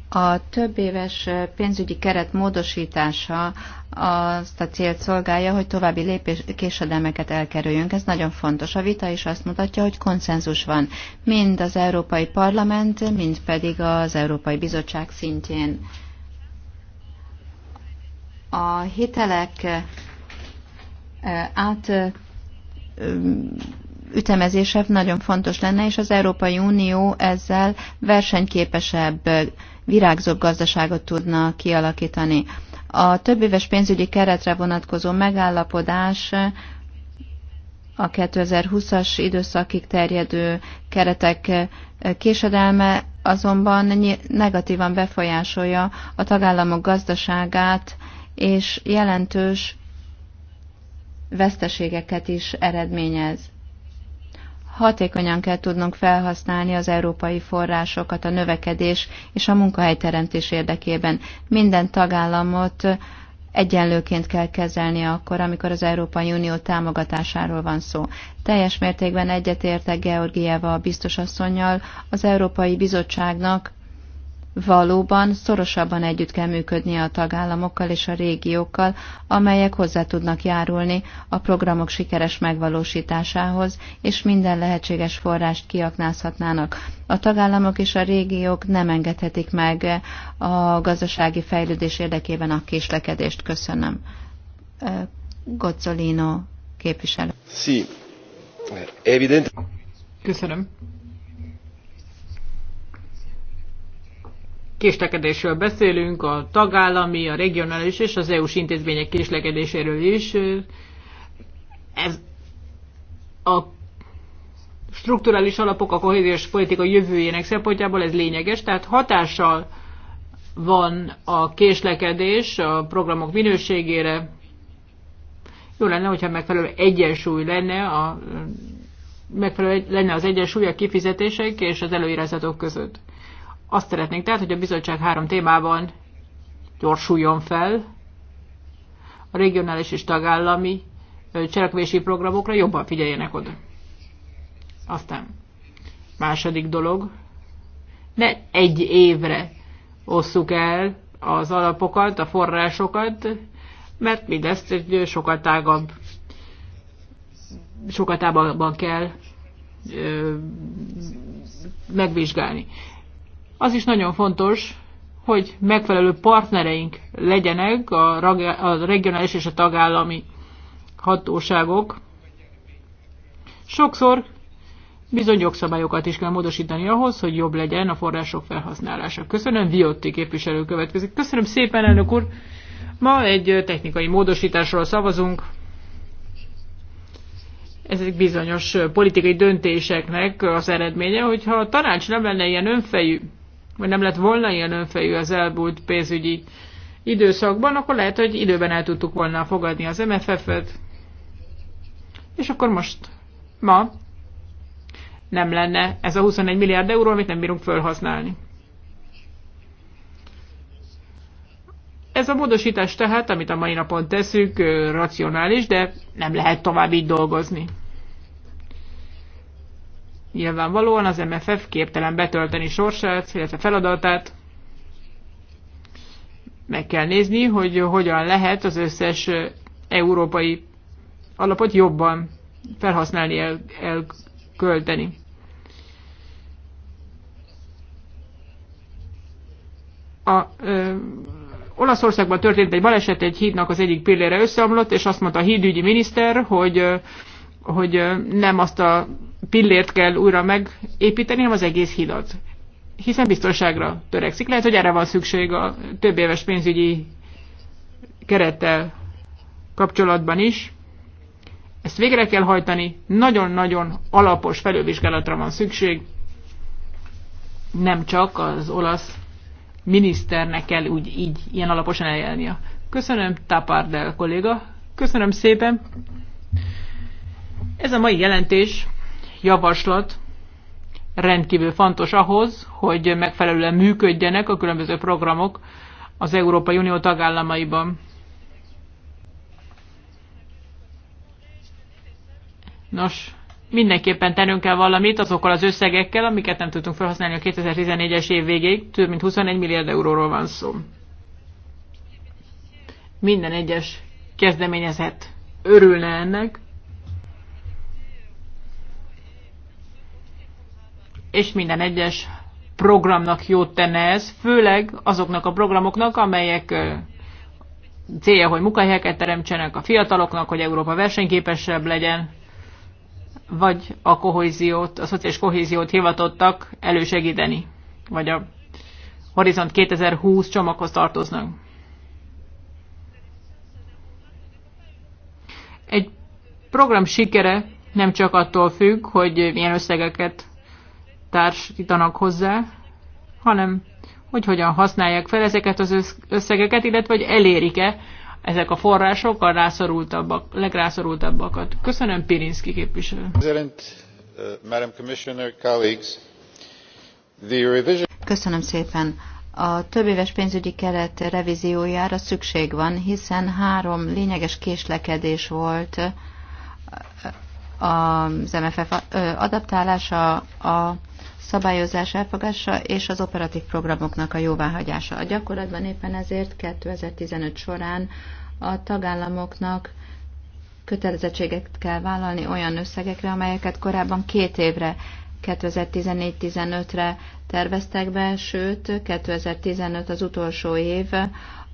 A több éves pénzügyi keret módosítása azt a célt szolgálja, hogy további lépés, késedelmeket elkerüljünk. Ez nagyon fontos. A vita is azt mutatja, hogy konszenzus van, mind az Európai Parlament, mind pedig az Európai Bizottság szintjén. A hitelek át ütemezése nagyon fontos lenne, és az Európai Unió ezzel versenyképesebb virágzóbb gazdaságot tudna kialakítani. A éves pénzügyi keretre vonatkozó megállapodás a 2020-as időszakig terjedő keretek késedelme azonban negatívan befolyásolja a tagállamok gazdaságát, és jelentős veszteségeket is eredményez hatékonyan kell tudnunk felhasználni az európai forrásokat a növekedés és a munkahelyteremtés érdekében. Minden tagállamot egyenlőként kell kezelni akkor, amikor az Európai Unió támogatásáról van szó. Teljes mértékben egyetértek Georgieva a biztosasszonynal, az Európai Bizottságnak valóban szorosabban együtt kell működnie a tagállamokkal és a régiókkal, amelyek hozzá tudnak járulni a programok sikeres megvalósításához, és minden lehetséges forrást kiaknázhatnának. A tagállamok és a régiók nem engedhetik meg a gazdasági fejlődés érdekében a késlekedést. Köszönöm. Gozzolino képviselő. Sí. Evident. Köszönöm. késlekedésről beszélünk, a tagállami, a regionális és az EU-s intézmények késlekedéséről is. Ez a strukturális alapok a kohéziós politika jövőjének szempontjából ez lényeges, tehát hatással van a késlekedés a programok minőségére. Jó lenne, hogyha megfelelő egyensúly lenne a megfelelő lenne az egyensúly a kifizetések és az előírásatok között. Azt szeretnénk tehát, hogy a bizottság három témában gyorsuljon fel, a regionális és tagállami cselekvési programokra jobban figyeljenek oda. Aztán második dolog, ne egy évre osszuk el az alapokat, a forrásokat, mert mindezt egy sokkal tágabb, sokkal tágabban kell ö, megvizsgálni. Az is nagyon fontos, hogy megfelelő partnereink legyenek a regionális és a tagállami hatóságok. Sokszor bizony jogszabályokat is kell módosítani ahhoz, hogy jobb legyen a források felhasználása. Köszönöm, Viotti képviselő következik. Köszönöm szépen, elnök úr! Ma egy technikai módosításról szavazunk. Ezek bizonyos politikai döntéseknek az eredménye, hogyha a tanács nem lenne ilyen önfejű, vagy nem lett volna ilyen önfejű az elbújt pénzügyi időszakban, akkor lehet, hogy időben el tudtuk volna fogadni az MFF-et, és akkor most, ma nem lenne ez a 21 milliárd euró, amit nem bírunk felhasználni. Ez a módosítás tehát, amit a mai napon teszünk, racionális, de nem lehet tovább így dolgozni. Nyilvánvalóan az MFF képtelen betölteni sorsát, illetve feladatát. Meg kell nézni, hogy hogyan lehet az összes európai alapot jobban felhasználni, el, elkölteni. A ö, Olaszországban történt egy baleset, egy hídnak az egyik pillére összeomlott, és azt mondta a hídügyi miniszter, hogy ö, hogy nem azt a pillért kell újra megépíteni, hanem az egész hidat. Hiszen biztonságra törekszik. Lehet, hogy erre van szükség a több éves pénzügyi kerettel kapcsolatban is. Ezt végre kell hajtani, nagyon-nagyon alapos felővizsgálatra van szükség. Nem csak az olasz miniszternek kell úgy így ilyen alaposan eljárnia. Köszönöm, Tapardel kolléga. Köszönöm szépen. Ez a mai jelentés, javaslat rendkívül fontos ahhoz, hogy megfelelően működjenek a különböző programok az Európai Unió tagállamaiban. Nos, mindenképpen tennünk kell valamit azokkal az összegekkel, amiket nem tudtunk felhasználni a 2014-es év végéig, több mint 21 milliárd euróról van szó. Minden egyes kezdeményezhet örülne ennek, és minden egyes programnak jót tenne ez, főleg azoknak a programoknak, amelyek célja, hogy munkahelyeket teremtsenek a fiataloknak, hogy Európa versenyképesebb legyen, vagy a kohéziót, a szociális kohéziót hivatottak elősegíteni, vagy a Horizont 2020 csomaghoz tartoznak. Egy program sikere nem csak attól függ, hogy milyen összegeket társítanak hozzá, hanem hogy hogyan használják fel ezeket az összegeket, illetve hogy elérik-e ezek a források a rászorultabbak, legrászorultabbakat. Köszönöm, Pirinski képviselő. Uh, Köszönöm szépen. A éves pénzügyi keret revíziójára szükség van, hiszen három lényeges késlekedés volt uh, az MFF adaptálása, a szabályozás elfogása és az operatív programoknak a jóváhagyása. A gyakorlatban éppen ezért 2015 során a tagállamoknak kötelezettséget kell vállalni olyan összegekre, amelyeket korábban két évre 2014-15-re terveztek be, sőt 2015 az utolsó év,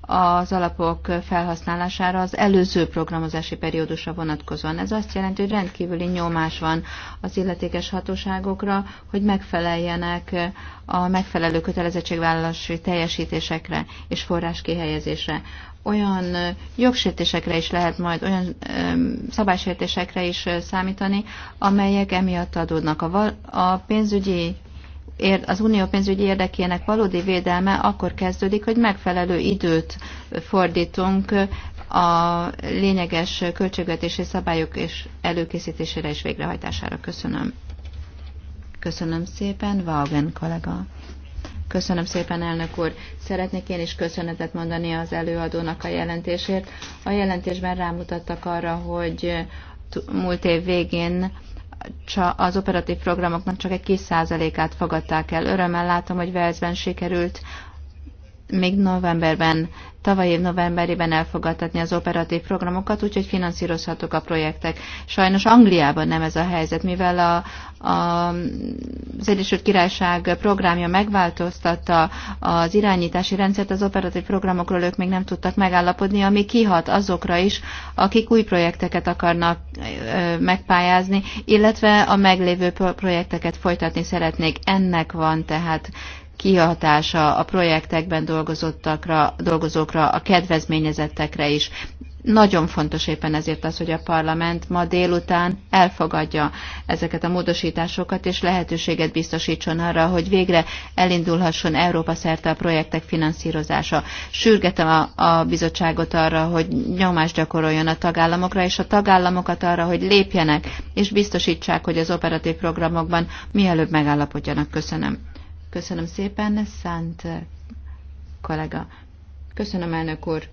az alapok felhasználására az előző programozási periódusra vonatkozóan. Ez azt jelenti, hogy rendkívüli nyomás van az illetékes hatóságokra, hogy megfeleljenek a megfelelő kötelezettségvállalási teljesítésekre és forráskihelyezésre. Olyan jogsértésekre is lehet majd, olyan szabálysértésekre is számítani, amelyek emiatt adódnak. A, a pénzügyi az unió pénzügyi érdekének valódi védelme akkor kezdődik, hogy megfelelő időt fordítunk a lényeges költségvetési szabályok és előkészítésére és végrehajtására. Köszönöm. Köszönöm szépen, Vaugen kollega. Köszönöm szépen, elnök úr. Szeretnék én is köszönetet mondani az előadónak a jelentésért. A jelentésben rámutattak arra, hogy múlt év végén az operatív programoknak csak egy kis százalékát fogadták el. Örömmel látom, hogy Velszben sikerült még novemberben, tavaly év novemberében elfogadtatni az operatív programokat, úgyhogy finanszírozhatók a projektek. Sajnos Angliában nem ez a helyzet, mivel a, a, az Egyesült Királyság programja megváltoztatta az irányítási rendszert, az operatív programokról ők még nem tudtak megállapodni, ami kihat azokra is, akik új projekteket akarnak ö, megpályázni, illetve a meglévő projekteket folytatni szeretnék. Ennek van tehát kihatása a projektekben dolgozottakra, dolgozókra, a kedvezményezettekre is. Nagyon fontos éppen ezért az, hogy a parlament ma délután elfogadja ezeket a módosításokat, és lehetőséget biztosítson arra, hogy végre elindulhasson Európa szerte a projektek finanszírozása. Sürgetem a, a bizottságot arra, hogy nyomást gyakoroljon a tagállamokra, és a tagállamokat arra, hogy lépjenek, és biztosítsák, hogy az operatív programokban mielőbb megállapodjanak. Köszönöm. Köszönöm szépen, Szánt eh, kollega. Köszönöm, elnök úr.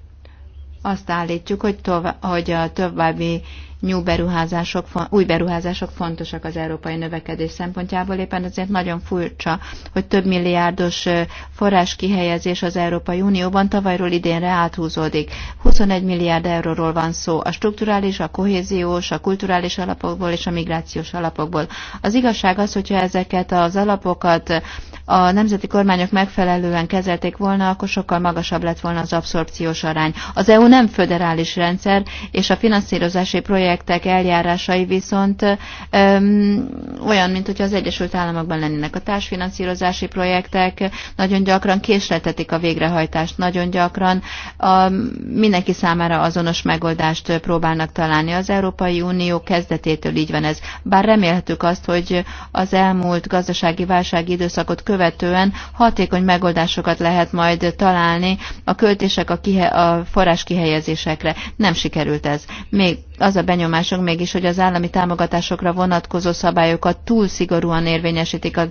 Azt állítjuk, hogy, tovább, hogy a további new beruházások, új beruházások fontosak az európai növekedés szempontjából. Éppen azért nagyon furcsa, hogy több milliárdos forrás kihelyezés az Európai Unióban tavalyról idénre áthúzódik. 21 milliárd euróról van szó a strukturális, a kohéziós, a kulturális alapokból és a migrációs alapokból. Az igazság az, hogyha ezeket az alapokat a nemzeti kormányok megfelelően kezelték volna, akkor sokkal magasabb lett volna az abszorpciós arány. Az EU nem föderális rendszer, és a finanszírozási projekt projektek eljárásai viszont öm, olyan, mint hogyha az Egyesült Államokban lennének a társfinanszírozási projektek, nagyon gyakran késleltetik a végrehajtást, nagyon gyakran a, mindenki számára azonos megoldást próbálnak találni. Az Európai Unió kezdetétől így van ez. Bár remélhetük azt, hogy az elmúlt gazdasági válság időszakot követően hatékony megoldásokat lehet majd találni a költések a, kihe- a forrás kihelyezésekre. Nem sikerült ez. Még az a benyomásunk mégis, hogy az állami támogatásokra vonatkozó szabályokat túl szigorúan érvényesítik a,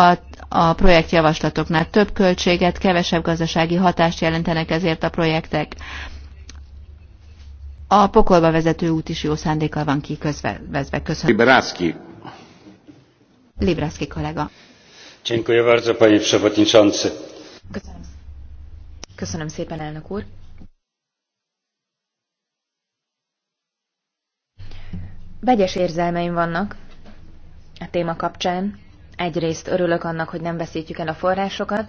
a, a projektjavaslatoknál. Több költséget, kevesebb gazdasági hatást jelentenek ezért a projektek. A pokolba vezető út is jó szándékkal van kiközvezve. Köszönöm. Libraszki. Libraszki kollega. Dziękuję bardzo, panie przewodniczący. Köszönöm. Köszönöm szépen, elnök úr. Vegyes érzelmeim vannak a téma kapcsán. Egyrészt örülök annak, hogy nem veszítjük el a forrásokat,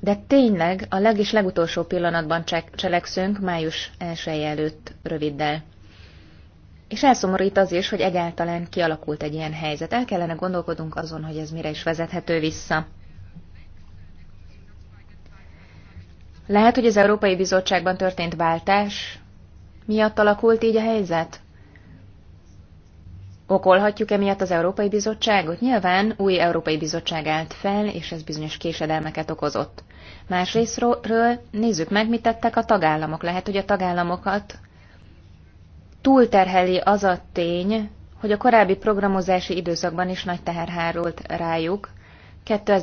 de tényleg a leg és legutolsó pillanatban cselekszünk május 1 előtt röviddel. És elszomorít az is, hogy egyáltalán kialakult egy ilyen helyzet. El kellene gondolkodunk azon, hogy ez mire is vezethető vissza. Lehet, hogy az Európai Bizottságban történt váltás miatt alakult így a helyzet? Okolhatjuk emiatt az Európai Bizottságot? Nyilván új Európai Bizottság állt fel, és ez bizonyos késedelmeket okozott. Másrésztről nézzük meg, mit tettek a tagállamok. Lehet, hogy a tagállamokat túlterheli az a tény, hogy a korábbi programozási időszakban is nagy teher hárult rájuk,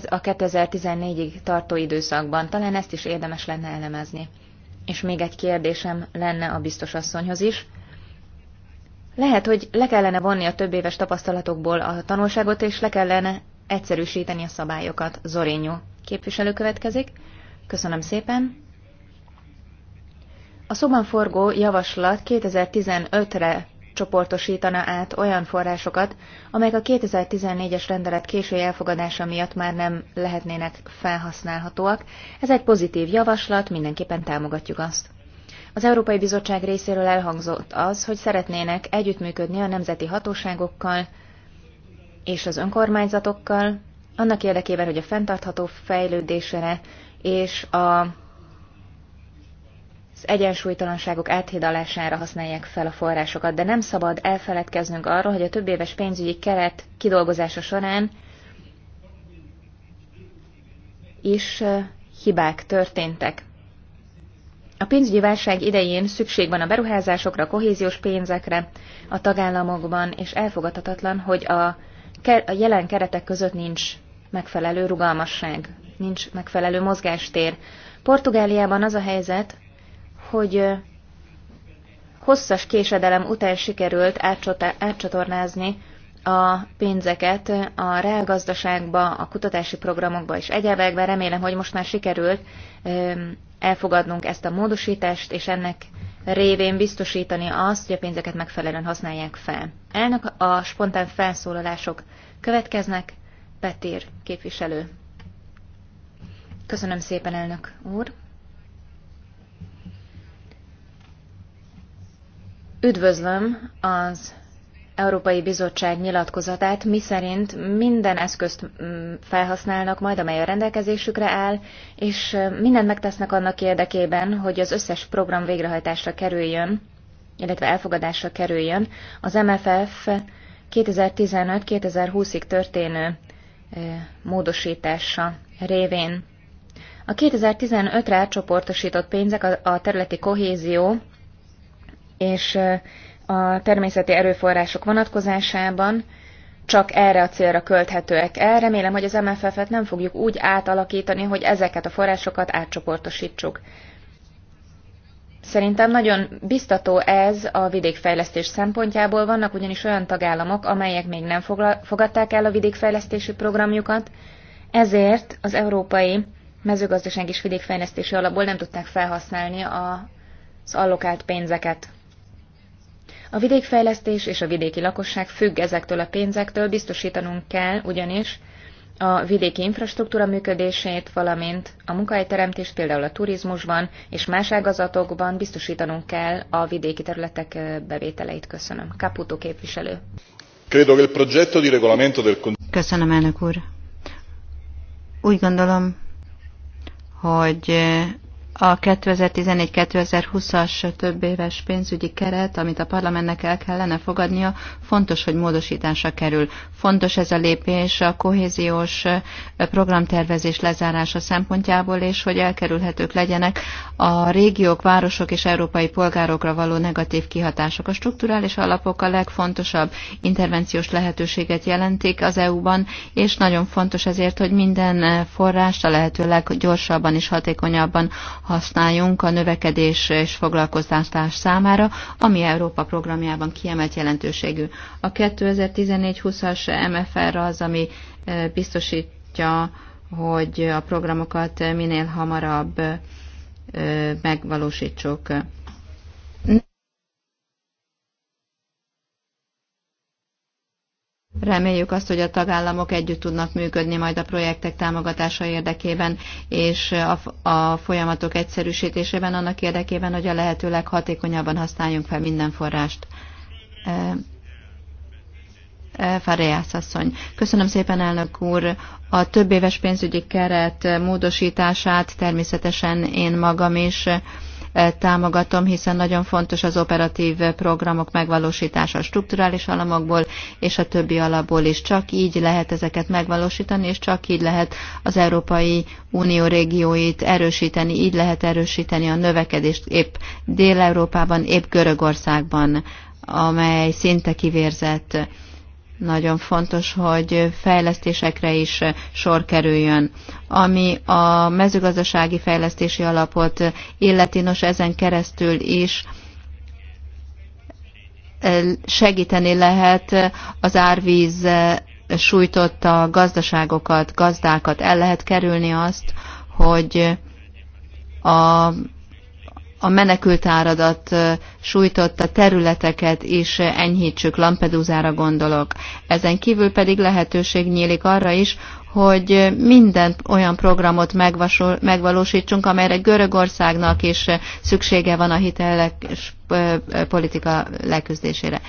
a 2014-ig tartó időszakban. Talán ezt is érdemes lenne elemezni. És még egy kérdésem lenne a biztos asszonyhoz is. Lehet, hogy le kellene vonni a több éves tapasztalatokból a tanulságot, és le kellene egyszerűsíteni a szabályokat. Zorinyó képviselő következik. Köszönöm szépen. A szóban forgó javaslat 2015-re csoportosítana át olyan forrásokat, amelyek a 2014-es rendelet késői elfogadása miatt már nem lehetnének felhasználhatóak. Ez egy pozitív javaslat, mindenképpen támogatjuk azt. Az Európai Bizottság részéről elhangzott az, hogy szeretnének együttműködni a nemzeti hatóságokkal és az önkormányzatokkal, annak érdekében, hogy a fenntartható fejlődésre és a, az egyensúlytalanságok áthidalására használják fel a forrásokat, de nem szabad elfeledkeznünk arról, hogy a több éves pénzügyi keret kidolgozása során is eh, hibák történtek. A pénzügyi válság idején szükség van a beruházásokra, a kohéziós pénzekre a tagállamokban, és elfogadhatatlan, hogy a, a jelen keretek között nincs megfelelő rugalmasság, nincs megfelelő mozgástér. Portugáliában az a helyzet, hogy hosszas késedelem után sikerült átcsatornázni a pénzeket a reálgazdaságba, a kutatási programokba és egyebekbe. Remélem, hogy most már sikerült elfogadnunk ezt a módosítást, és ennek révén biztosítani azt, hogy a pénzeket megfelelően használják fel. Elnök a spontán felszólalások következnek. Petír képviselő. Köszönöm szépen, elnök úr. Üdvözlöm az Európai Bizottság nyilatkozatát, miszerint minden eszközt mm, felhasználnak majd, amely a rendelkezésükre áll, és mindent megtesznek annak érdekében, hogy az összes program végrehajtásra kerüljön, illetve elfogadásra kerüljön az MFF 2015-2020-ig történő módosítása révén. A 2015-re átcsoportosított pénzek a területi kohézió és a természeti erőforrások vonatkozásában csak erre a célra költhetőek el. Remélem, hogy az MFF-et nem fogjuk úgy átalakítani, hogy ezeket a forrásokat átcsoportosítsuk. Szerintem nagyon biztató ez a vidékfejlesztés szempontjából. Vannak ugyanis olyan tagállamok, amelyek még nem fogadták el a vidékfejlesztési programjukat, ezért az európai mezőgazdaság és vidékfejlesztési alapból nem tudták felhasználni az allokált pénzeket. A vidékfejlesztés és a vidéki lakosság függ ezektől a pénzektől, biztosítanunk kell ugyanis a vidéki infrastruktúra működését, valamint a munkahelyteremtést például a turizmusban és más ágazatokban biztosítanunk kell a vidéki területek bevételeit. Köszönöm. Caputo képviselő. Köszönöm, elnök úr. Úgy gondolom, hogy a 2014-2020-as több éves pénzügyi keret, amit a parlamentnek el kellene fogadnia, fontos, hogy módosításra kerül. Fontos ez a lépés a kohéziós programtervezés lezárása szempontjából, és hogy elkerülhetők legyenek a régiók, városok és európai polgárokra való negatív kihatások. A strukturális alapok a legfontosabb intervenciós lehetőséget jelentik az EU-ban, és nagyon fontos ezért, hogy minden forrást a lehető leggyorsabban és hatékonyabban használjunk a növekedés és foglalkoztatás számára, ami Európa programjában kiemelt jelentőségű. A 2014-20-as MFR az, ami e, biztosítja, hogy a programokat minél hamarabb e, megvalósítsuk. Reméljük azt, hogy a tagállamok együtt tudnak működni majd a projektek támogatása érdekében, és a, a folyamatok egyszerűsítésében annak érdekében, hogy a lehető leghatékonyabban használjunk fel minden forrást. E, e, Fareász asszony. Köszönöm szépen, elnök úr. A több éves pénzügyi keret módosítását természetesen én magam is E, támogatom, hiszen nagyon fontos az operatív programok megvalósítása a strukturális alamokból és a többi alapból is. Csak így lehet ezeket megvalósítani, és csak így lehet az Európai Unió régióit erősíteni, így lehet erősíteni a növekedést épp Dél-Európában, épp Görögországban, amely szinte kivérzett nagyon fontos, hogy fejlesztésekre is sor kerüljön. Ami a mezőgazdasági fejlesztési alapot illeti, nos ezen keresztül is eh, segíteni lehet az árvíz eh, sújtotta gazdaságokat, gazdákat. El lehet kerülni azt, hogy a a menekült áradat sújtotta területeket is enyhítsük, Lampedusára gondolok. Ezen kívül pedig lehetőség nyílik arra is, hogy minden olyan programot megvasol, megvalósítsunk, amelyre Görögországnak is szüksége van a hitelek és politika leküzdésére.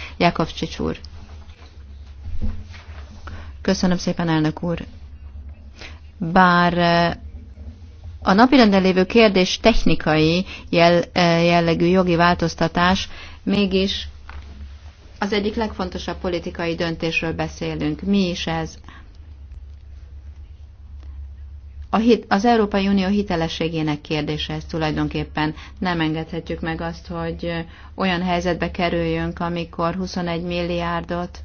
Csics úr. Köszönöm szépen, elnök úr. Bár a napirenden lévő kérdés technikai jell eh, jellegű jogi változtatás, mégis az egyik legfontosabb politikai döntésről beszélünk. Mi is ez? A hit, az Európai Unió hitelességének kérdése ez tulajdonképpen. Nem engedhetjük meg azt, hogy olyan helyzetbe kerüljünk, amikor 21 milliárdot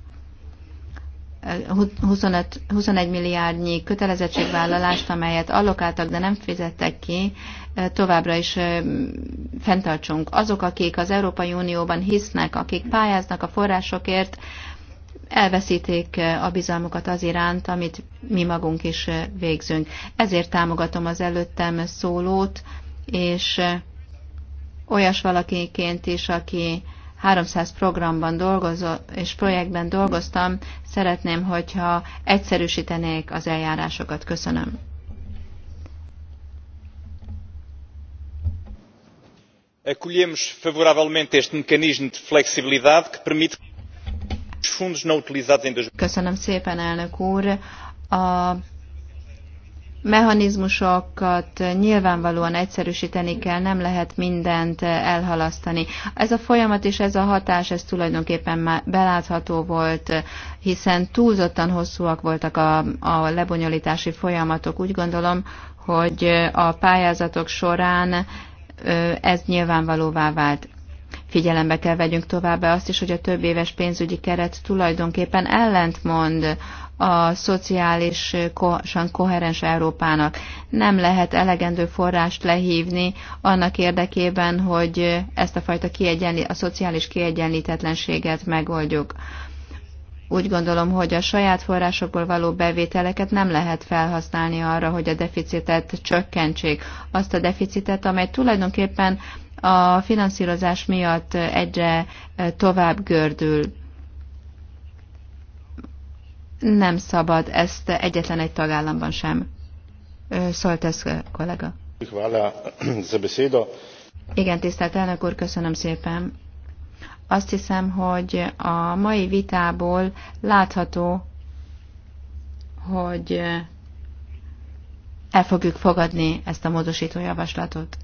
25, 21 milliárdnyi kötelezettségvállalást, amelyet allokáltak, de nem fizettek ki, továbbra is fenntartsunk. Azok, akik az Európai Unióban hisznek, akik pályáznak a forrásokért, elveszíték a bizalmukat az iránt, amit mi magunk is végzünk. Ezért támogatom az előttem szólót, és olyas valakiként is, aki 300 programban dolgozó, és projektben dolgoztam, szeretném, hogyha egyszerűsítenék az eljárásokat. Köszönöm. Acolhemos favoravelmente este mecanismo de flexibilidade que permite e e um Köszönöm szépen, elnök úr. A mechanizmusokat nyilvánvalóan egyszerűsíteni kell, nem lehet mindent elhalasztani. Ez a folyamat és ez a hatás, ez tulajdonképpen már belátható volt, hiszen túlzottan hosszúak voltak a, a lebonyolítási folyamatok. Úgy gondolom, hogy a pályázatok során ez nyilvánvalóvá vált. Figyelembe kell vegyünk továbbá azt is, hogy a több éves pénzügyi keret tulajdonképpen ellentmond a szociálisan koherens Európának. Nem lehet elegendő forrást lehívni annak érdekében, hogy ezt a fajta kiegyenli- a szociális kiegyenlítetlenséget megoldjuk. Úgy gondolom, hogy a saját forrásokból való bevételeket nem lehet felhasználni arra, hogy a deficitet csökkentsék. Azt a deficitet, amely tulajdonképpen a finanszírozás miatt egyre tovább gördül nem szabad ezt egyetlen egy tagállamban sem. Szólt ez kollega. Igen, tisztelt elnök úr, köszönöm szépen. Azt hiszem, hogy a mai vitából látható, hogy el fogjuk fogadni ezt a módosító javaslatot.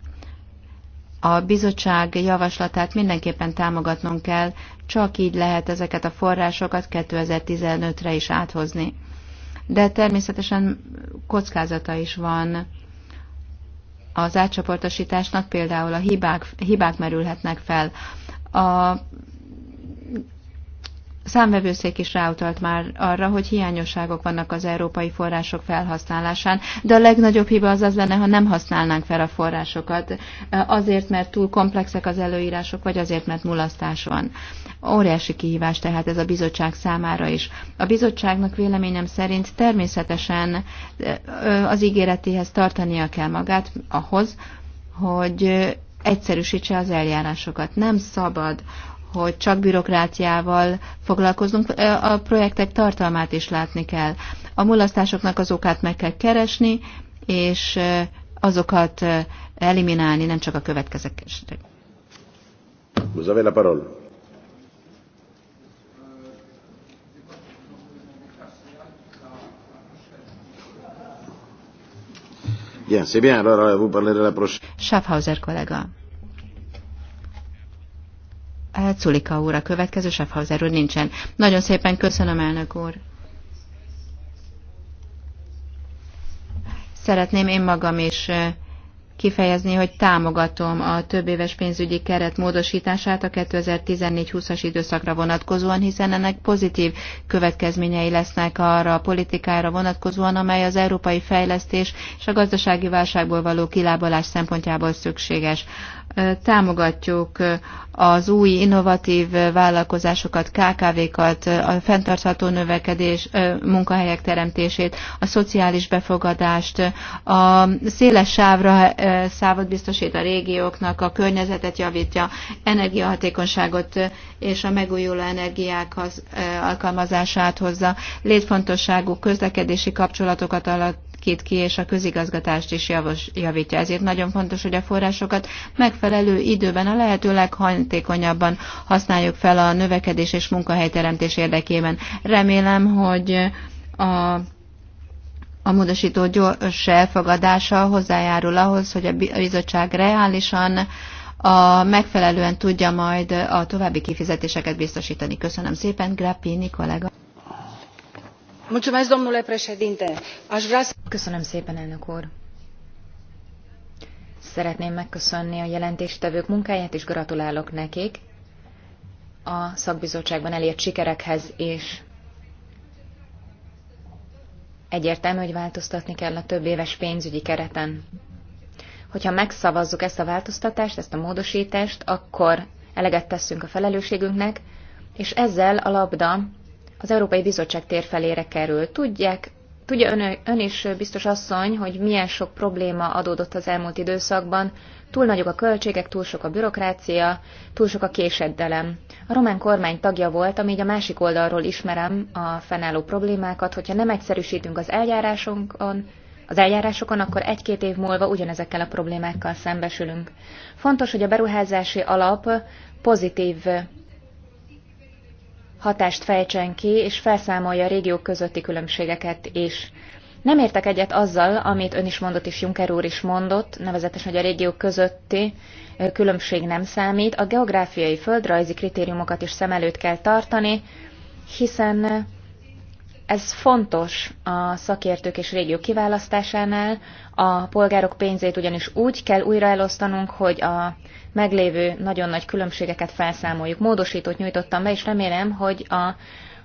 A bizottság javaslatát mindenképpen támogatnunk kell, csak így lehet ezeket a forrásokat 2015-re is áthozni. De természetesen kockázata is van az átcsoportosításnak, például a hibák, hibák merülhetnek fel. A számvevőszék is ráutalt már arra, hogy hiányosságok vannak az európai források felhasználásán, de a legnagyobb hiba az az lenne, ha nem használnánk fel a forrásokat, eh, azért, mert túl komplexek az előírások, vagy azért, mert mulasztás van. Óriási kihívás tehát ez a bizottság számára is. A bizottságnak véleményem szerint természetesen eh, az ígéretéhez tartania kell magát ahhoz, hogy eh, egyszerűsítse az eljárásokat. Nem szabad, hogy csak bürokráciával foglalkozunk, a projektek tartalmát is látni kell. A mulasztásoknak az okát meg kell keresni, és azokat eliminálni, nem csak a következőket. Vous avez la parole. Bien, bien, alors euh, Schaffhauser kollega. Eh, Culika úr a következő, Schaffhauser úr nincsen. Nagyon szépen köszönöm, elnök úr. Szeretném én magam is eh, kifejezni, hogy támogatom a több éves pénzügyi keret módosítását a 2014-20-as időszakra vonatkozóan, hiszen ennek pozitív következményei lesznek arra a politikára vonatkozóan, amely az európai fejlesztés és a gazdasági válságból való kilábalás szempontjából szükséges támogatjuk az új innovatív vállalkozásokat, KKV-kat, a fenntartható növekedés, munkahelyek teremtését, a szociális befogadást, a széles sávra szávot biztosít a régióknak, a környezetet javítja, energiahatékonyságot és a megújuló energiák alkalmazását hozza, létfontosságú közlekedési kapcsolatokat alatt alakít ki, és a közigazgatást is javos, javítja. Ezért nagyon fontos, hogy a forrásokat megfelelő időben, a lehető leghajtékonyabban használjuk fel a növekedés és munkahelyteremtés érdekében. Remélem, hogy a a módosító gyors elfogadása hozzájárul ahhoz, hogy a bizottság reálisan a megfelelően tudja majd a további kifizetéseket biztosítani. Köszönöm szépen, Grappini kollega köszönöm szépen szeretném megköszönni a jelentéstevők munkáját és gratulálok nekik a szakbizottságban elért sikerekhez és egyértelmű, hogy változtatni kell a több éves pénzügyi kereten. Hogyha megszavazzuk ezt a változtatást, ezt a módosítást, akkor eleget teszünk a felelősségünknek, és ezzel a labda az Európai Bizottság térfelére kerül. Tudják, tudja ön, ön is, biztos asszony, hogy milyen sok probléma adódott az elmúlt időszakban, túl nagyok a költségek, túl sok a bürokrácia, túl sok a késeddelem. A román kormány tagja volt, így a másik oldalról ismerem a fennálló problémákat, hogyha nem egyszerűsítünk az eljárásunkon, az eljárásokon, akkor egy-két év múlva ugyanezekkel a problémákkal szembesülünk. Fontos, hogy a beruházási alap pozitív hatást fejtsen ki, és felszámolja a régiók közötti különbségeket is. Nem értek egyet azzal, amit ön is mondott, és Juncker úr is mondott, nevezetesen, hogy a régiók közötti különbség nem számít. A geográfiai földrajzi kritériumokat is szem előtt kell tartani, hiszen ez fontos a szakértők és régiók kiválasztásánál. A polgárok pénzét ugyanis úgy kell újra elosztanunk, hogy a meglévő nagyon nagy különbségeket felszámoljuk. Módosítót nyújtottam be, és remélem, hogy a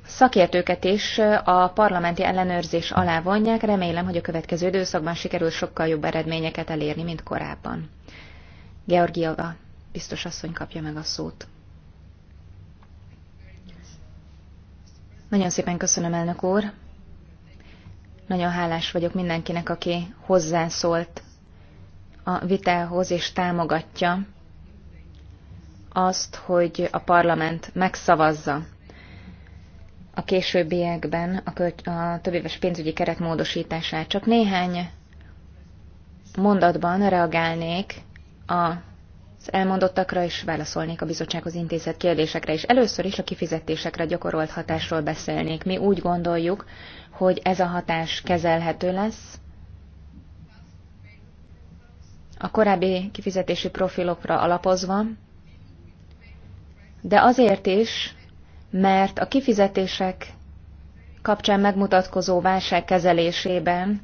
szakértőket is a parlamenti ellenőrzés alá vonják. Remélem, hogy a következő időszakban sikerül sokkal jobb eredményeket elérni, mint korábban. Georgiava biztos asszony kapja meg a szót. Nagyon szépen köszönöm, elnök úr. Nagyon hálás vagyok mindenkinek, aki hozzászólt a vitához és támogatja azt, hogy a parlament megszavazza a későbbiekben a, költ, a többéves pénzügyi keret módosítását. Csak néhány mondatban reagálnék az elmondottakra, és válaszolnék a bizottsághoz intézett kérdésekre is. Először is a kifizetésekre gyakorolt hatásról beszélnék. Mi úgy gondoljuk, hogy ez a hatás kezelhető lesz. A korábbi kifizetési profilokra alapozva de azért is, mert a kifizetések kapcsán megmutatkozó válság kezelésében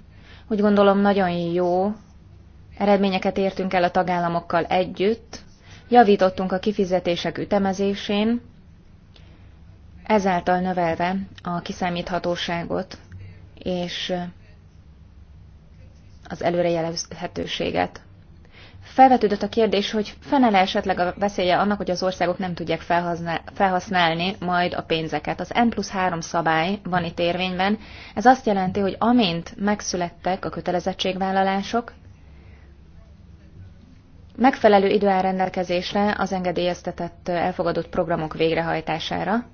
úgy gondolom nagyon jó eredményeket értünk el a tagállamokkal együtt, javítottunk a kifizetések ütemezésén, ezáltal növelve a kiszámíthatóságot és az előrejelezhetőséget. Felvetődött a kérdés, hogy fennáll esetleg a veszélye annak, hogy az országok nem tudják felhasználni majd a pénzeket. Az N plusz 3 szabály van itt érvényben. Ez azt jelenti, hogy amint megszülettek a kötelezettségvállalások, megfelelő idő rendelkezésre az engedélyeztetett elfogadott programok végrehajtására,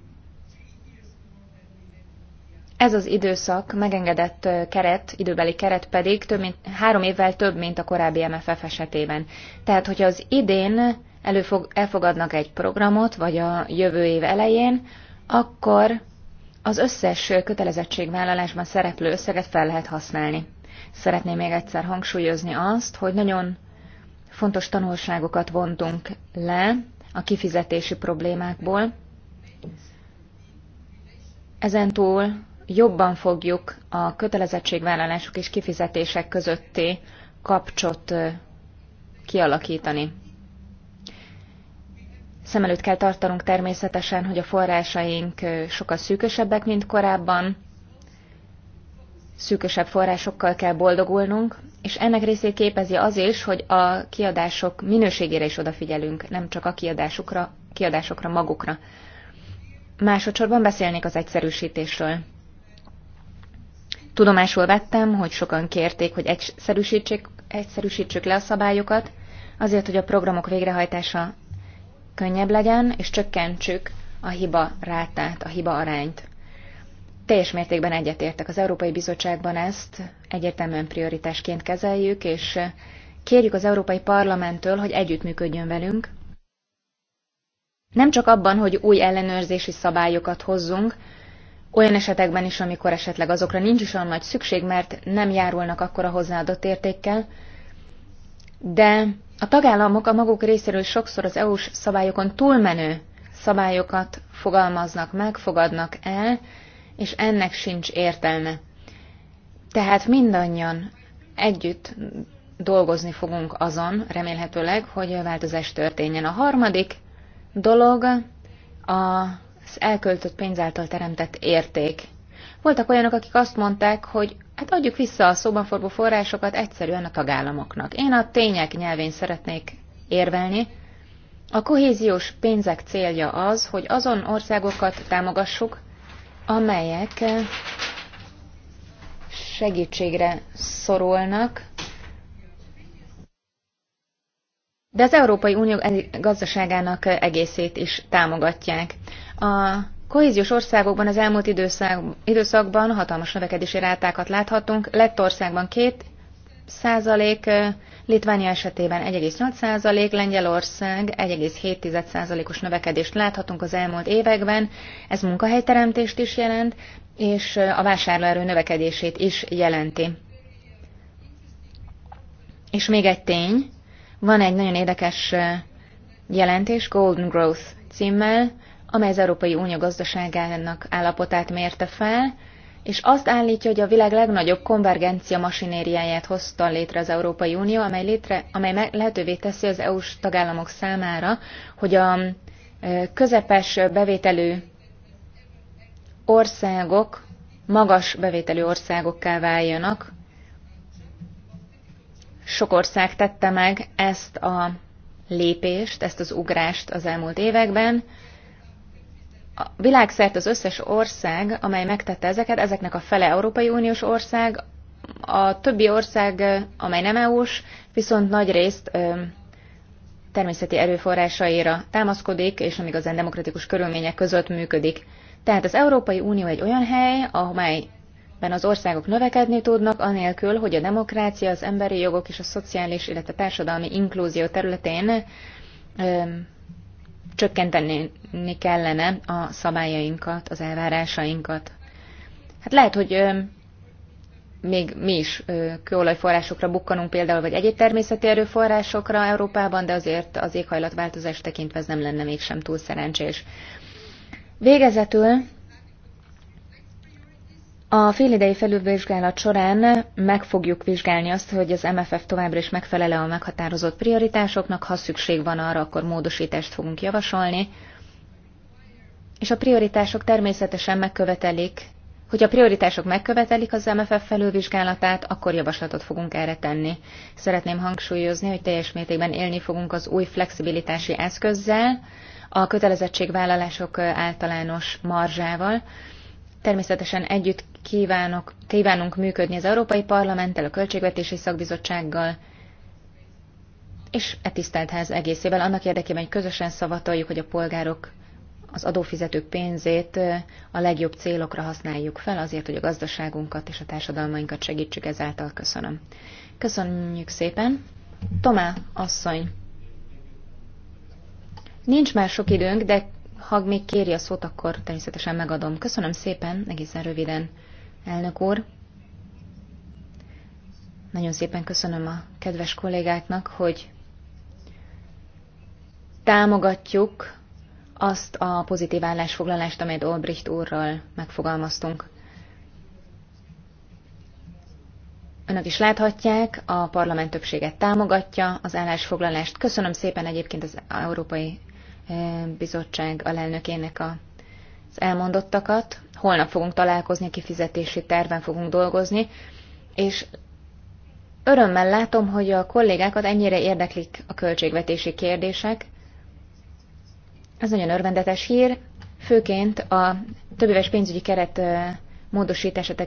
ez az időszak megengedett keret, időbeli keret pedig több mint, három évvel több, mint a korábbi MFF esetében. Tehát, hogy az idén előfog, elfogadnak egy programot, vagy a jövő év elején, akkor az összes kötelezettségvállalásban szereplő összeget fel lehet használni. Szeretném még egyszer hangsúlyozni azt, hogy nagyon fontos tanulságokat vontunk le a kifizetési problémákból. Ezen túl jobban fogjuk a kötelezettségvállalások és kifizetések közötti kapcsot kialakítani. Szem előtt kell tartanunk természetesen, hogy a forrásaink sokkal szűkösebbek, mint korábban, szűkösebb forrásokkal kell boldogulnunk, és ennek részét képezi az is, hogy a kiadások minőségére is odafigyelünk, nem csak a kiadásokra, kiadásokra magukra. Másodszorban beszélnék az egyszerűsítésről. Tudomásul vettem, hogy sokan kérték, hogy egyszerűsítsük, egyszerűsítsük le a szabályokat, azért, hogy a programok végrehajtása könnyebb legyen, és csökkentsük a hiba rátát, a hiba arányt. Teljes mértékben egyetértek. Az Európai Bizottságban ezt egyértelműen prioritásként kezeljük, és kérjük az Európai Parlamenttől, hogy együttműködjön velünk. Nem csak abban, hogy új ellenőrzési szabályokat hozzunk, olyan esetekben is, amikor esetleg azokra nincs is olyan nagy szükség, mert nem járulnak akkor a hozzáadott értékkel, de a tagállamok a maguk részéről sokszor az EU-s szabályokon túlmenő szabályokat fogalmaznak meg, fogadnak el, és ennek sincs értelme. Tehát mindannyian együtt dolgozni fogunk azon, remélhetőleg, hogy a változás történjen. A harmadik dolog a elköltött pénz által teremtett érték. Voltak olyanok, akik azt mondták, hogy hát adjuk vissza a szóban forgó forrásokat egyszerűen a tagállamoknak. Én a tények nyelvén szeretnék érvelni. A kohéziós pénzek célja az, hogy azon országokat támogassuk, amelyek eh, segítségre szorulnak, de az Európai Unió gazdaságának egészét is támogatják. A kohéziós országokban az elmúlt időszak, időszakban hatalmas növekedési rátákat láthatunk. Lettországban 2 százalék, Litvánia esetében 1,8 százalék, Lengyelország 1,7 százalékos növekedést láthatunk az elmúlt években. Ez munkahelyteremtést is jelent, és a vásárlóerő növekedését is jelenti. És még egy tény, van egy nagyon érdekes jelentés Golden Growth címmel, amely az Európai Unió gazdaságának állapotát mérte fel, és azt állítja, hogy a világ legnagyobb konvergencia masinériáját hozta létre az Európai Unió, amely, létre, amely lehetővé teszi az EU-s tagállamok számára, hogy a közepes bevételű országok magas bevételű országokká váljanak. Sok ország tette meg ezt a lépést, ezt az ugrást az elmúlt években a világszert az összes ország, amely megtette ezeket, ezeknek a fele Európai Uniós ország, a többi ország, amely nem EU-s, viszont nagy részt ö, természeti erőforrásaira támaszkodik, és nem igazán demokratikus körülmények között működik. Tehát az Európai Unió egy olyan hely, amelyben az országok növekedni tudnak, anélkül, hogy a demokrácia, az emberi jogok és a szociális, illetve társadalmi inklúzió területén ö, csökkenteni kellene a szabályainkat, az elvárásainkat. Hát lehet, hogy még mi is kőolajforrásokra bukkanunk például, vagy egyéb természeti erőforrásokra Európában, de azért az éghajlatváltozás tekintve ez nem lenne mégsem túl szerencsés. Végezetül a félidei felülvizsgálat során meg fogjuk vizsgálni azt, hogy az MFF továbbra is megfelele a meghatározott prioritásoknak, ha szükség van arra, akkor módosítást fogunk javasolni, és a prioritások természetesen megkövetelik, hogy a prioritások megkövetelik az MFF felülvizsgálatát, akkor javaslatot fogunk erre tenni. Szeretném hangsúlyozni, hogy teljes mértékben élni fogunk az új flexibilitási eszközzel, a kötelezettségvállalások általános marzsával, Természetesen együtt kívánok, kívánunk működni az Európai Parlamenttel, a Költségvetési Szakbizottsággal, és e tisztelt ház egészével annak érdekében, hogy közösen szavatoljuk, hogy a polgárok az adófizetők pénzét a legjobb célokra használjuk fel, azért, hogy a gazdaságunkat és a társadalmainkat segítsük ezáltal. Köszönöm. Köszönjük szépen. Tomá asszony. Nincs már sok időnk, de ha még kéri a szót, akkor természetesen megadom. Köszönöm szépen, egészen röviden, elnök úr. Nagyon szépen köszönöm a kedves kollégáknak, hogy támogatjuk azt a pozitív állásfoglalást, amelyet Olbricht úrral megfogalmaztunk. Önök is láthatják, a parlament többséget támogatja az állásfoglalást. Köszönöm szépen egyébként az Európai bizottság alelnökének az elmondottakat. Holnap fogunk találkozni, kifizetési terven fogunk dolgozni, és örömmel látom, hogy a kollégákat ennyire érdeklik a költségvetési kérdések. Ez nagyon örvendetes hír, főként a többéves pénzügyi keret eh, módosítása